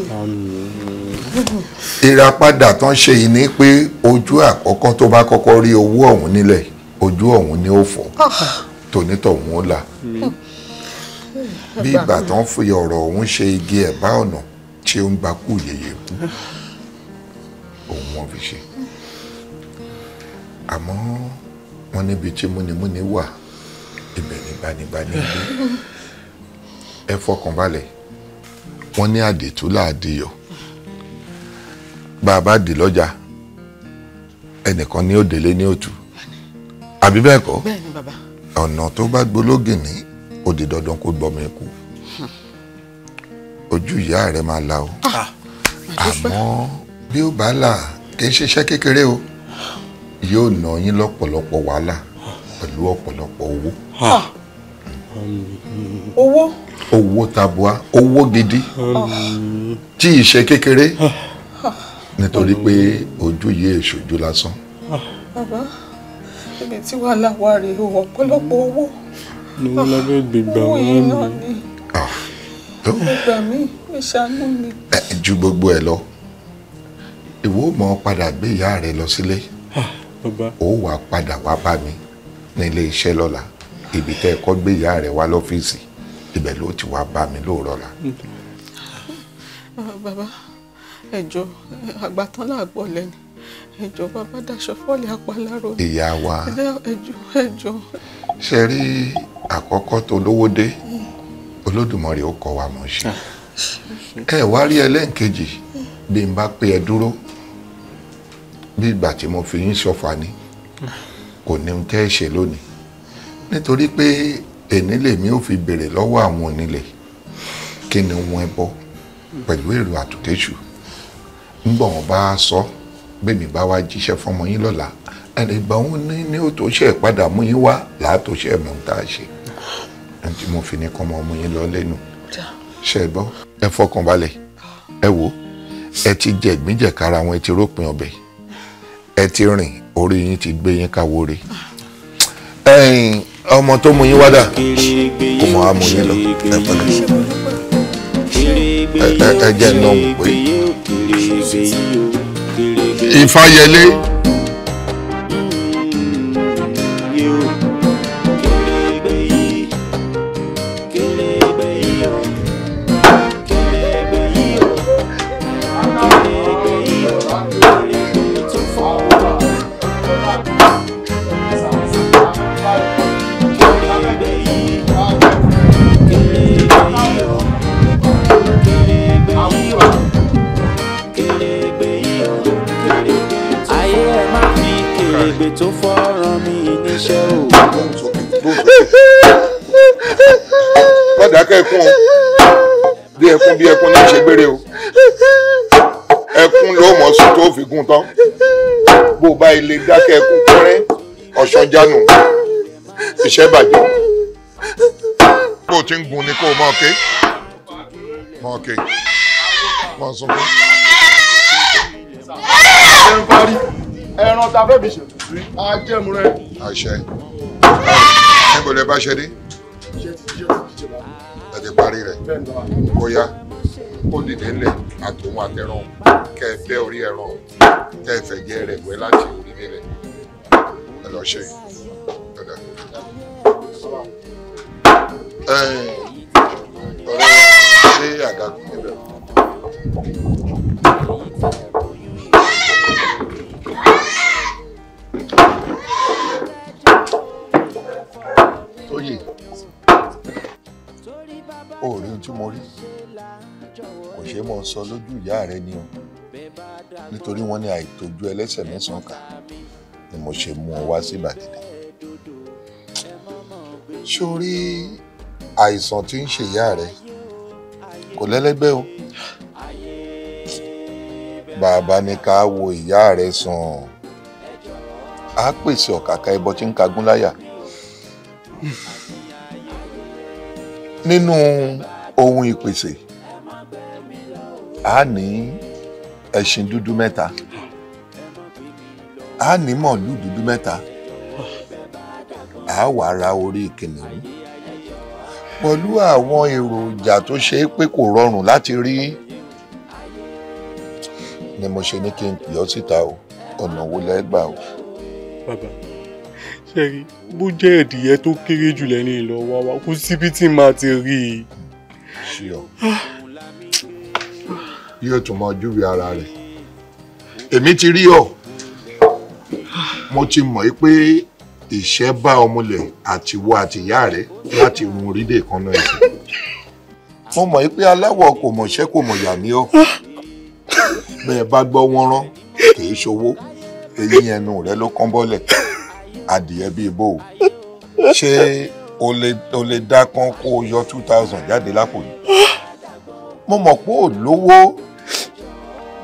ìràpadà tán ṣe yìí ni pé ojú àkọ́kọ́ tó bá kọ́kọ́ rí owó ọ̀hún nílẹ̀ ojú ọ̀hún ni ó fọ́ tonítọ̀hún ó là bí ìgbà tán fi ọ̀rọ̀ ọ̀hún ṣe igi ẹ̀bá ọ̀nà tí ó ń gba kú yeye kú òun wọ́n fi ṣe àmọ́ wọ́n níbi tí múnimúni wà ibẹ̀ ní gbanigbani gbé ẹ fọkàn balẹ̀ wọ́n ní àdètú láàdìyọ̀ bá a bá dì lọ́jà ẹnìkan ní òdèlé ní òtù àbí bẹ́ẹ̀ kọ́ ọ̀nà tó bá gbológìn ní òdì dandan kó gbọ́mọ ikú ojú ìyá rẹ̀ máa la o ah, àmọ́ bí ó bá là kì í ṣiṣẹ́ kékeré o. Ah, yóò ná yín lọ́pọ̀lọpọ̀ wàhálà pẹ̀lú ọ̀pọ̀lọpọ̀ owó. Hmm. owó. owó tabua owó gidi tí ìṣe kékeré nítorí pé ojú yìí èṣojú lásán. bàbá ibi tí wàhálà wà rèé o ọ̀pọ̀lọpọ̀ owó. ni wọn lábẹ́ gbègbà wọn ni. owó yìí náà ni gbogbo mi ìṣàánú mi. ju gbogbo ẹ lọ ìwọ mọ padà gbé ìyá rẹ lọ sílé. Si bàbá. ó wà padà wá bá mi nílé iṣẹ́ lọ́la ibi tẹ́ ẹ kọ́ gbé ìyá rẹ̀ wá lọ́fíìsì ibẹ̀ ló ti wá bá mi lóòrọ̀ la. bàbá ẹjọ́ àgbàtán làgbọ lẹni ẹjọ́ bàbá daṣọ fọlẹ apaláró. ìyá wa ẹjọ́ ẹjọ́. ṣe rí àkọ́kọ́ tó lówó dé Olódùmarè ó kọ́ wa mọ̀ ṣe ah. ẹ wá rí ẹlẹ́ǹkejì bí n bá pé ẹ dúró bí ìgbà tí mo fi yín ṣọ̀fà ni kò ní ohun tẹ́ ẹ ṣe lónìí nítorí pé èní lèmi ò fi béèrè lọ́wọ́ àwọn onílẹ̀ kí ni wọn ẹ bọ pẹ̀lú èrò àtòkéṣù ńgbọ̀n wọn bá sọ bẹ́ẹ̀ni bá wá jíṣẹ́ fọmọ yín lọ́la ẹ̀rẹ̀gbọ́n òun ní ní òtòṣe ìpadà mú yín wá látòṣe mọ̀ ń tà ṣe tí mo fi ní kọ́ ọmọ ọmọ yín lọ lẹ́nu ṣe é gbọ́ ẹ fọkànbalẹ̀ ẹ wò ẹ ti jẹ̀gbín jẹ̀kára wọn ẹ ti rópin ọbẹ̀ yìí ẹ ti rìn orí yín ti gbé yín káwó re ẹ̀yin ọmọ tó mú yín wádà kò mọ àmú yín lọ ẹ pẹ̀lẹ́ ẹ jẹ náà mọ pé ìfàyẹlé. ilé dákẹ́ ẹkún kọrẹ́ ọ̀ṣọ́ jánu iṣẹ́ bàjẹ́ bó ti ń gun ni kó mọ̀ ké mọ̀ ké mọ̀ sunkún. ẹran parí ẹran tá a fẹ́ fi rẹ. àṣẹ níbo lè bá ṣe dé ẹ ti parí rẹ bóyá ó dìde ńlẹ̀ àtòun àtẹrán kẹ ẹ bẹ́ orí ẹran tẹ́ ìfẹ̀jẹ̀ rẹ̀ wẹ́ láti orí nílẹ̀ ẹ lọ ọ̀rẹ́ ṣé àgàgùn níbẹ̀. Tóyè ó rí ohun tí mo rí kò ṣeé mọ sọ lójú ìyá rẹ ni o nítorí wọ́n ní àìtójú ẹlẹ́sẹ̀ mẹ́sàn-án ni mo ṣe mú ọ wá sí Ìbàdàn ni. sórí àìsàn tí ń ṣe ìyá rẹ kò lẹ́lẹ́gbẹ́ o bàbá ní ká wo ìyá rẹ sàn á pèsè ọ̀kàkà ẹbọ tí ń kagún láyà nínú ohun ìpèsè a ní ẹṣin dúdú mẹ́ta a ní mọ̀lú dúdú mẹ́ta a wà ra orí kìnìún pẹ̀lú àwọn èròjà tó ṣe é pé kò rọrùn láti rí ni mo ṣe ní kí n pè síta o ọ̀nà wo lẹ́ gbà o. bàbá ṣe rí bó jẹ́ ẹ̀dìyẹ tó kéré jù lẹ́ni ìlọ wa wa kò síbi tí màá ti rí i. ṣé o yóò tún mọ júwe ara rẹ̀ èmi ti rí ọ mo ti mọ̀ pé ìṣẹ́ bá ọmọlẹ̀ àtiwọ àtìyá rẹ̀ láti run orílẹ̀ kan náà ẹ̀sìn mo mọ̀ pé aláwọ̀ kò mọ̀ṣẹ́ kò mọ̀yà ní ọ bẹ́ẹ̀ bá gbọ́ wọ́n rán kì í ṣòwò eyín ẹnu rẹ ló kán bọ́lẹ̀ adìyẹ bíi bò ó ṣé o lè o lè dá kan kó o yọ two thousand jáde lápò yìí mo mọ̀ pé o lówó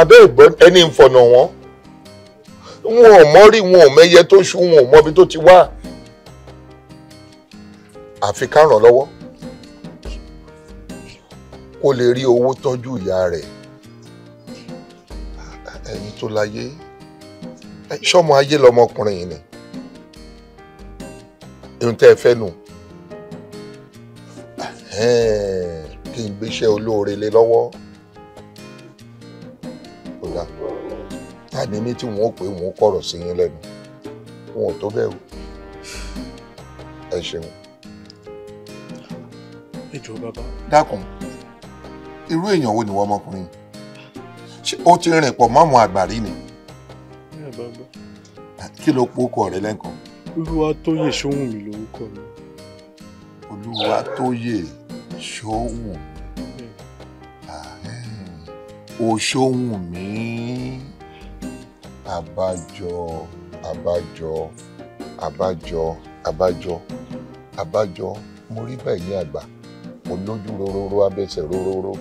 abẹ́ ìgbọ́n ẹni ń fọ̀nà wọn wọn ò mọ rí wọn ò mẹyẹ tó ṣú wọn ò mọbi tó ti wá àfi ká ràn lọ́wọ́ kó lè rí owó tọ́jú ìyá rẹ̀ ẹni tó láyé sọmọ ayé lọmọkùnrin yìí ni ohun tẹ́ ẹ fẹ́ nù kí n gbéṣẹ́ olóore lé lọ́wọ́. ní mí tí wọn ò pé wọn ò sí yín lẹ́nu wọn ò tó bẹ́ẹ̀ wò ẹ ṣeun. ẹ bàbá. dákun irú èèyàn wo ni wọ́n ọmọkùnrin ṣé ó ti rìn pọ̀ mọ́ àwọn àgbàrí ni. kí ló po ọkọ rẹ lẹ́ǹkan. Olúwatóyè Ṣóhùn mi lórúkọ mi. Olúwatóyè Ṣóhùn o Ṣóhùn mi àbájọ àbájọ àbájọ àbájọ àbájọ mo rí bá ẹ̀yin àgbà mo lójú rororo abẹsẹ̀ rororo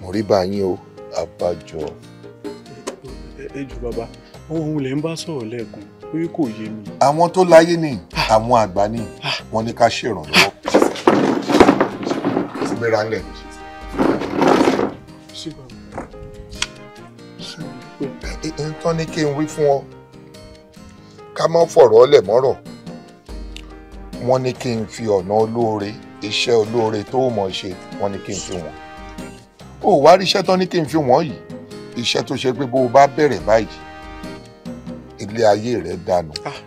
mo rí bá o àbájọ. ẹ jù bàbá àwọn ohun lè ń bá sọ̀rọ̀ lẹ́ẹ̀kan pé kò yé mi. àwọn tó láyé ni ah. àwọn àgbà ni ah. wọn ní ká ṣèrànlọ́wọ́. gbéra ńlẹ̀. ṣé bàbá ń tán ní kí n wí fún ọ ká má fọ̀rọ̀ ọlẹ̀ mọ́rọ̀ wọ́n ní kí n fi ọ̀nà olóore iṣẹ́ olóore tó mọ̀ ṣe wọ́n ní kí n fi wọ́n ó wá rí iṣẹ́ tán ní kí n fi wọ́n yìí iṣẹ́ tó ṣe pé bó o bá bẹ̀rẹ̀ báyìí ilé ayé rẹ̀ dànù ah,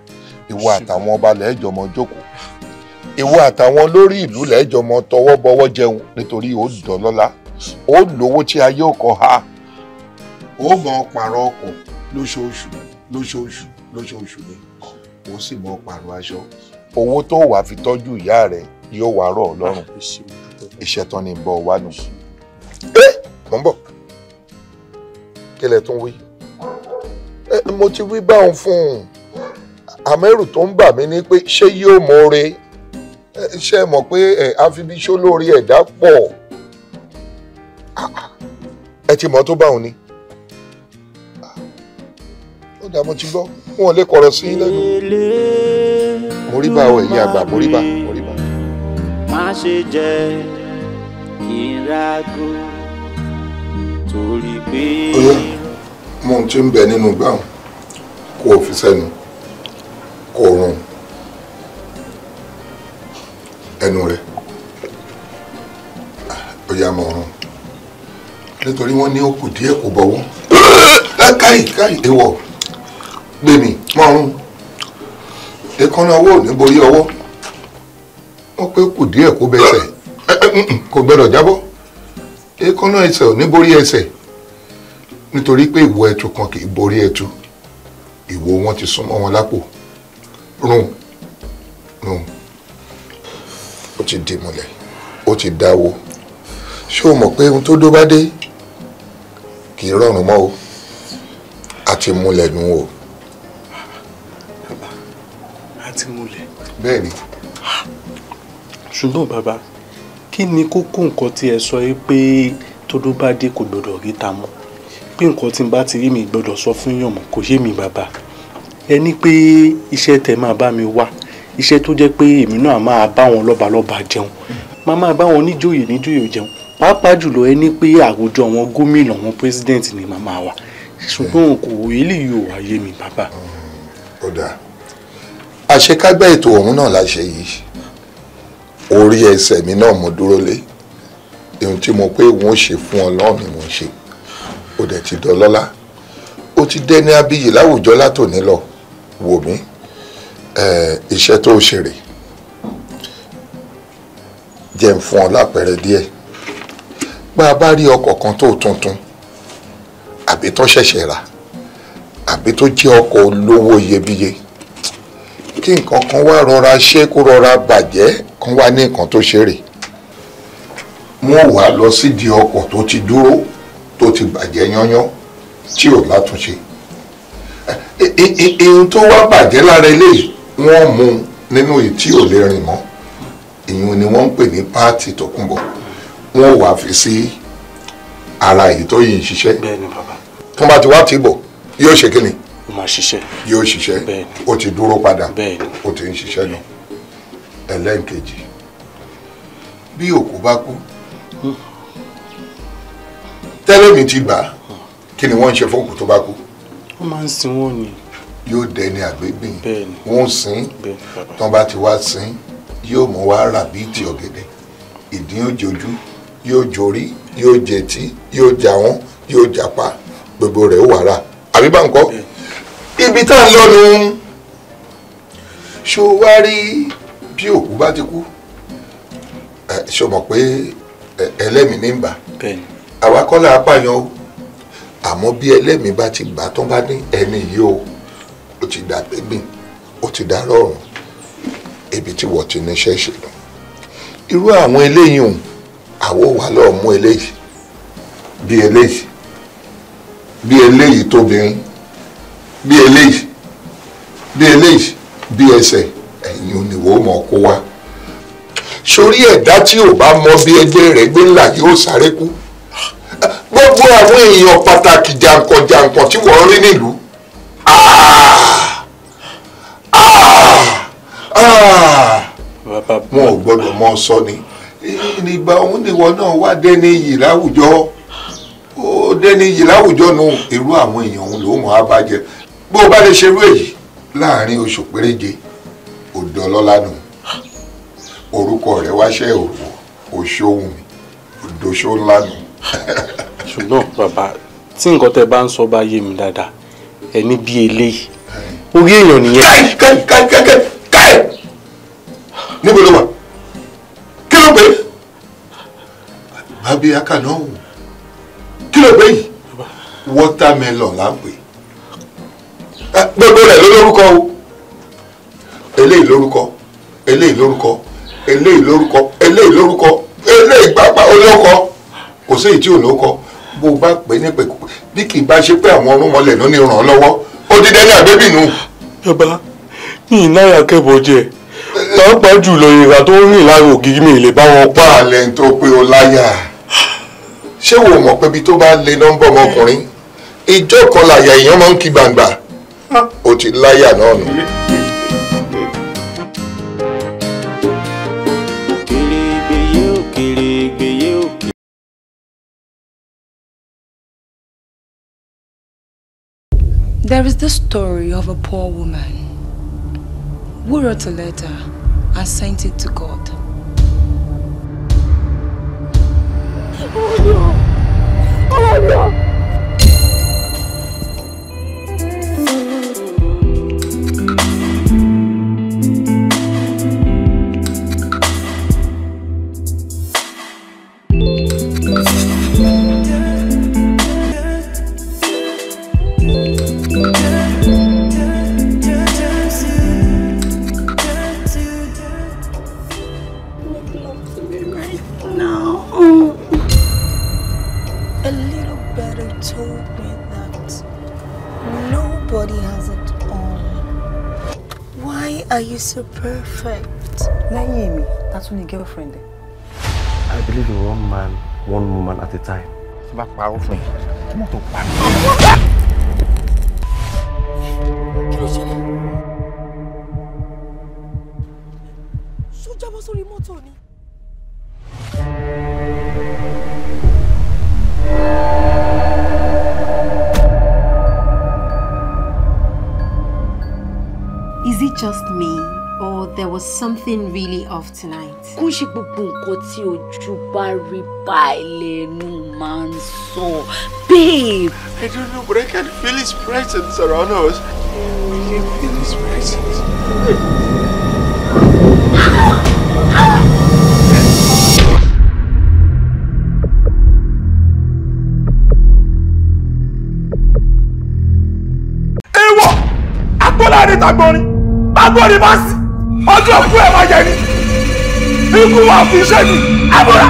ìwọ àtàwọn ọba lẹ́jọ́ mọ jókòó ìwọ àtàwọn lórí ìlú lẹ́jọ́ mọ tọwọ́ bọwọ́ jẹun nítorí ó dọ̀lọ́lá ó lówó tí ayé ò ha ó mọ pààrọ̀ ọkọ̀ lóṣooṣù lóṣooṣù lóṣooṣù ni ó sì mọ pààrọ̀ aṣọ owó tó wàá fi tọ́jú ìyá rẹ yóò wàá rọ̀ ọ́ lọ́rùn ah, iṣẹ́ tán ni bọ̀ wá nù. ẹ mò ń bọ̀ kí lẹ tún wí mo ti wí báwọn fún un àmẹ́rù tó ń bà mí ni pé ṣé yóò mọ̀ọ́re ṣe mọ̀ pé àfibiṣó lórí ẹ̀dá pọ̀ ah, ah. ẹ ti mọ̀ tó báwọn ni ó dà mo ti gbọ́ wọn ò lè kọ̀rọ̀ sí lẹ́nu. mo rí bá ọ ẹ̀yin àgbà mo moriba bá mo rí bá. má ṣe jẹ kí n rágó torí pé. oyè mo ti ń bẹ nínú gbàùn kó o fi sẹ́nu kó o rún ẹnu rẹ ó yá mọ ọrùn nítorí wọn ní ó kù díẹ̀ kò bọ̀wọ̀ káyì káyì ewọ mọ́rún èékánná ọwọ́ ò ní borí ọwọ́ wọ́n pé kù díẹ̀ kó bẹsẹ̀ kò gbọ́dọ̀ jábọ́ èékánná ẹsẹ̀ ò ní borí ẹsẹ̀ nítorí pé ìwo ẹtu kan kì í borí ẹtu ìwo wọn ti súnmọ́ wọn lápò rún rún ó ti di múlẹ̀ ó ti dáwó ṣé o mọ̀ pé ohun tó dó bá dé kì í rọrùn mọ́ o a ti múlẹ̀ nù o àti múlẹ̀. bẹ́ẹ̀ni. ṣùgbọ́n bàbá kí ni kókó nǹkan tí ẹ sọ yìí pé tódó bá dé kò gbọdọ̀ rí ta mọ́ pé nǹkan tí n bá ti rí mi gbọdọ̀ sọ fún yàn mọ́ kò yé mi bàbá ẹ ní pé iṣẹ́ tẹ máa bá mi wá iṣẹ́ tó jẹ́ pé èmi náà máa bá wọn lọ́balọ́ba jẹun máa máa bá wọn níjòyè níjòyè jẹun pàápàá jùlọ ẹ pé àwùjọ àwọn gómìnà àwọn pírẹsidẹ́ǹtì ni màmá wa ṣùgbọ́n kò eléyìí ò wáyé mi bàbá. ó dáa àṣekágbẹ́ ètò ọ̀hún náà la ṣe yìí orí ẹsẹ̀ mi náà mo dúró lé ohun tí mo pé wọ́n ṣe fún ọlọ́run ni mo ṣe ó dẹ̀ ti dọlọ́lá ó ti dẹ́ni abiyì láwùjọ látòní lọ wò mí iṣẹ́ tó ṣe rèé jẹ́ ń fún ọ lápẹẹrẹ díẹ̀ bá a bá rí ọkọ̀ kan tó tuntun àbí tó ṣẹ̀ṣẹ̀ rà àbí tó jẹ́ ọkọ̀ olówó iyebíye kí nǹkan kan wá rọra ṣe kó rọra bàjẹ́ kan wá ní nǹkan tó ṣe rè wọ́n wà lọ sídìí ọkọ̀ tó ti dúró tó ti bàjẹ́ yányán tí ò látúnṣe ihun tó wá bàjẹ́ lára eléyìí wọ́n mú nínú èyí tí ò lè rìn mọ́ ìyún ni wọ́n ń pè ní páàtì tòkunbọ̀ wọ́n wàá fi sí ara èyí tó yìí ń ṣiṣẹ́ tó bá ti wá ti bọ̀ yóò ṣe kí ni máa ṣiṣẹ́. yóò ṣiṣẹ́ bẹ́ẹ̀ni ó ti dúró padà bẹ́ẹ̀ni ó ti ń ṣiṣẹ́ nù ẹlẹ́nkejì bí òkú bá kú tẹ́lẹ̀ mi ti gbà kí ni wọ́n ń ṣe fún òkú tó bá kú. wọ́n máa ń sin wọn ni. yóò dẹni àgbégbìn wọ́n sin tán bá ti wá sin yóò mú wá rà bí ti ọ̀gẹ̀dẹ̀ ìdín òjòjú yóò jorí yóò jẹtí yóò jà wọn yóò jàpá gbogbo rẹ̀ ó wàrà àbí bá ń kọ́ ibi tá ń lọ nu ṣó wá rí bí òkú bá ti kú ṣó mọ̀ pé ẹlẹ́mìí ní ń bà àwa kọ́ là á pààyàn o àmọ́ bí ẹlẹ́mìí bá ti gbà tán bá ní ẹni yìí o ó ti dà gbẹ́gbìn ó ti dà rọrùn ibi tí wọ́n ti níṣẹ́ ṣe lọ irú àwọn eléyìí hùn àwọ̀ wà lọ́ọ́ mú eléyìí bí eléyìí bí eléyìí tóbìnrin bí eléyìí bí eléyìí bí ẹsẹ̀ ẹ̀yìn oníwò mọ̀ kó wa sórí ẹ̀dá tí ò bá mọ bí ẹgbẹ́ rẹ̀ gbé ńlá yóò sáré kú gbogbo àwọn èèyàn pàtàkì jàǹkànjàǹkàn tí wọ́n rí nílùú wọn ò gbọ́dọ̀ mọ sọ ni ìgbà òun ni wọn náà wá dẹ́ni iyì láwùjọ ó dẹ́ni iyì láwùjọ nu irú àwọn èèyàn òun ló mọ̀ á bàjẹ́ bó o bá lè ṣerú èyí láàrin oṣù péréje òde ọlọ́lá nù orúkọ rẹ̀ wáṣẹ́ òwò òṣòwò òdòṣó ńlá nù. ṣùgbọ́n bàbá tí nǹkan tẹ bá ń sọ bá yé mi dáadáa ẹni bíi eléyìí orí èèyàn nìyẹn. káì káì káì káì káì níbo ló wà kí ló pé bàbá bíi kí ló pé yìí wọ́tàmẹ́lọ̀ là gbogbo rẹ̀ ló lórúkọ o eléyìí lórúkọ eléyìí lórúkọ eléyìí lórúkọ eléyìí lórúkọ eléyìí pápá olóko kò sí èyí tí ò lóko bó bá pè é ní pè bí kì í bá ṣe pé àwọn ọrùnmọlẹ̀ ló ní ràn án lọ́wọ́ ó ti dẹ́ni àbẹ́bìnú. bàbá mi ì náírà kẹ́bọ̀ jẹ́ pàápàá jùlọ ìrà tó ń rìn láàrin ògiri mi lè bá wọn pa. alẹ́ tó pé o láyà ṣé wo mọ̀ pé ibi tó bá lé nọ́mbà ọmọkùnrin ìjọ kan làyà èèyàn máa ń kí gbangba ó ti láyà náà nù. There is the story of a poor woman who wrote a letter and sent it to God. perfect. lẹ́yìn That's ta tún ni girlfriend ẹ̀. I believe in one man one woman at a time. Back bá parọ́ fún yìí kí mọ́tò pa something really off tonight. kó ṣe gbogbo nǹkan tí ojú bá rí báyìí máa ń sọ babe. I don't know but I can feel his presence around us. I can feel his presence. Ewọ! Agbọ́lá ni tàgbọ́n ni, tàgbọ́n ni máa sí ọdún òkú ẹ̀ máa jẹ ni ikú wa fi sẹ́ni abúlá.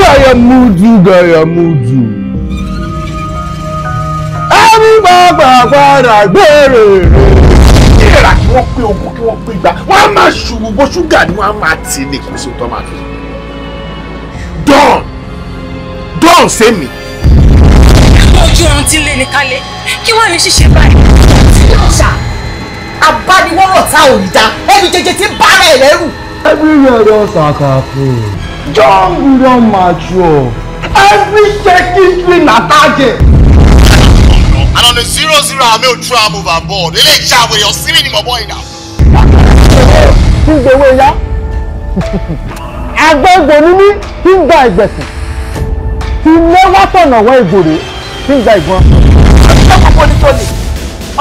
Gaya mudu, gaya mudu. Ẹ̀mí gbàgbà padà gbèrè rè kí wọ́n pé ogun kí wọ́n pé ìgbà wọ́n á máa ṣùgbọ́n bó ṣúgà ni wọ́n á máa tì ní kò sí tó máa fi. dọ́ọ̀n dọ́ọ̀n sẹ́mi. ojú ọ̀run ti lé ní kálẹ̀ kí wọ́n ní ṣíṣe báyìí. ṣá abániwọ́rọ̀ tá ò ní dá ẹni jẹjẹ ti bára ẹ̀ lẹ́rù. everywhere don sakafo john we don mature every second win na target. And on the zero zero, I made a try move on board. They let your semen in my boy now. Kí n gbowó ya? Agbẹ́gbẹ́ ni mí kí n gba ìgbẹ̀sìn. Ti lẹ́wọ́ tọ̀nà wọ ìgbòrè kí n gba ìgbọ́n. Ọjọ́ kan ní tó lè,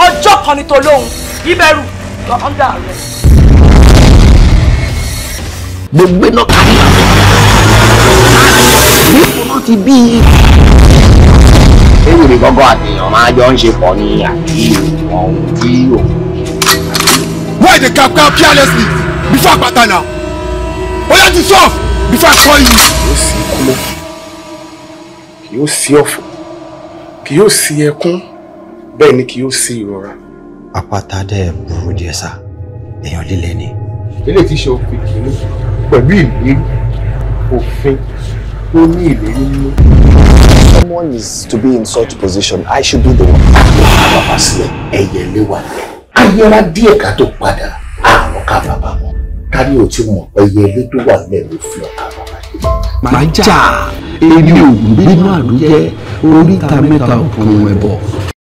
ọjọ́ kan ní tó lóhun, ìbẹ̀rù lọ ọ́ndà rẹ̀. Gbogbo náà kàrí àwọn ọ̀rọ̀ àti ìfúnná ti bí i ewúrẹ gọgọ àti èèyàn máa jọ ń ṣe pọ̀ ní àbí ìwọ̀n ohun tí òun. why dey cap cap carelessly before àpáta na oya ti sọ before I call you. kì yóò sí ikú mọ́ kì yóò sí ọ̀fọ̀ kì yóò sí ẹkún bẹ́ẹ̀ ni kì yóò sí ìrora. àpáta dẹ́ burú díẹ̀ sá èèyàn líle ni. ilé tí ṣe òfin kìíní pẹ̀lú ìlérí òfin tó ní ìlérí nínú someone is to be in such position, I should be the one. Bàbá sílẹ̀, ẹyẹ lé wà lẹ̀. Ayẹra díẹ̀ ká tó padà, àrùn ká bàbá mọ̀. Kárí ò tí mọ̀ ẹyẹ ilé tó wà lẹ̀ ló fi ọ̀ká bàbá yìí. Màá jà, èmi ò gbínú àdújẹ́, oríta mẹ́ta òkun ẹ̀bọ̀.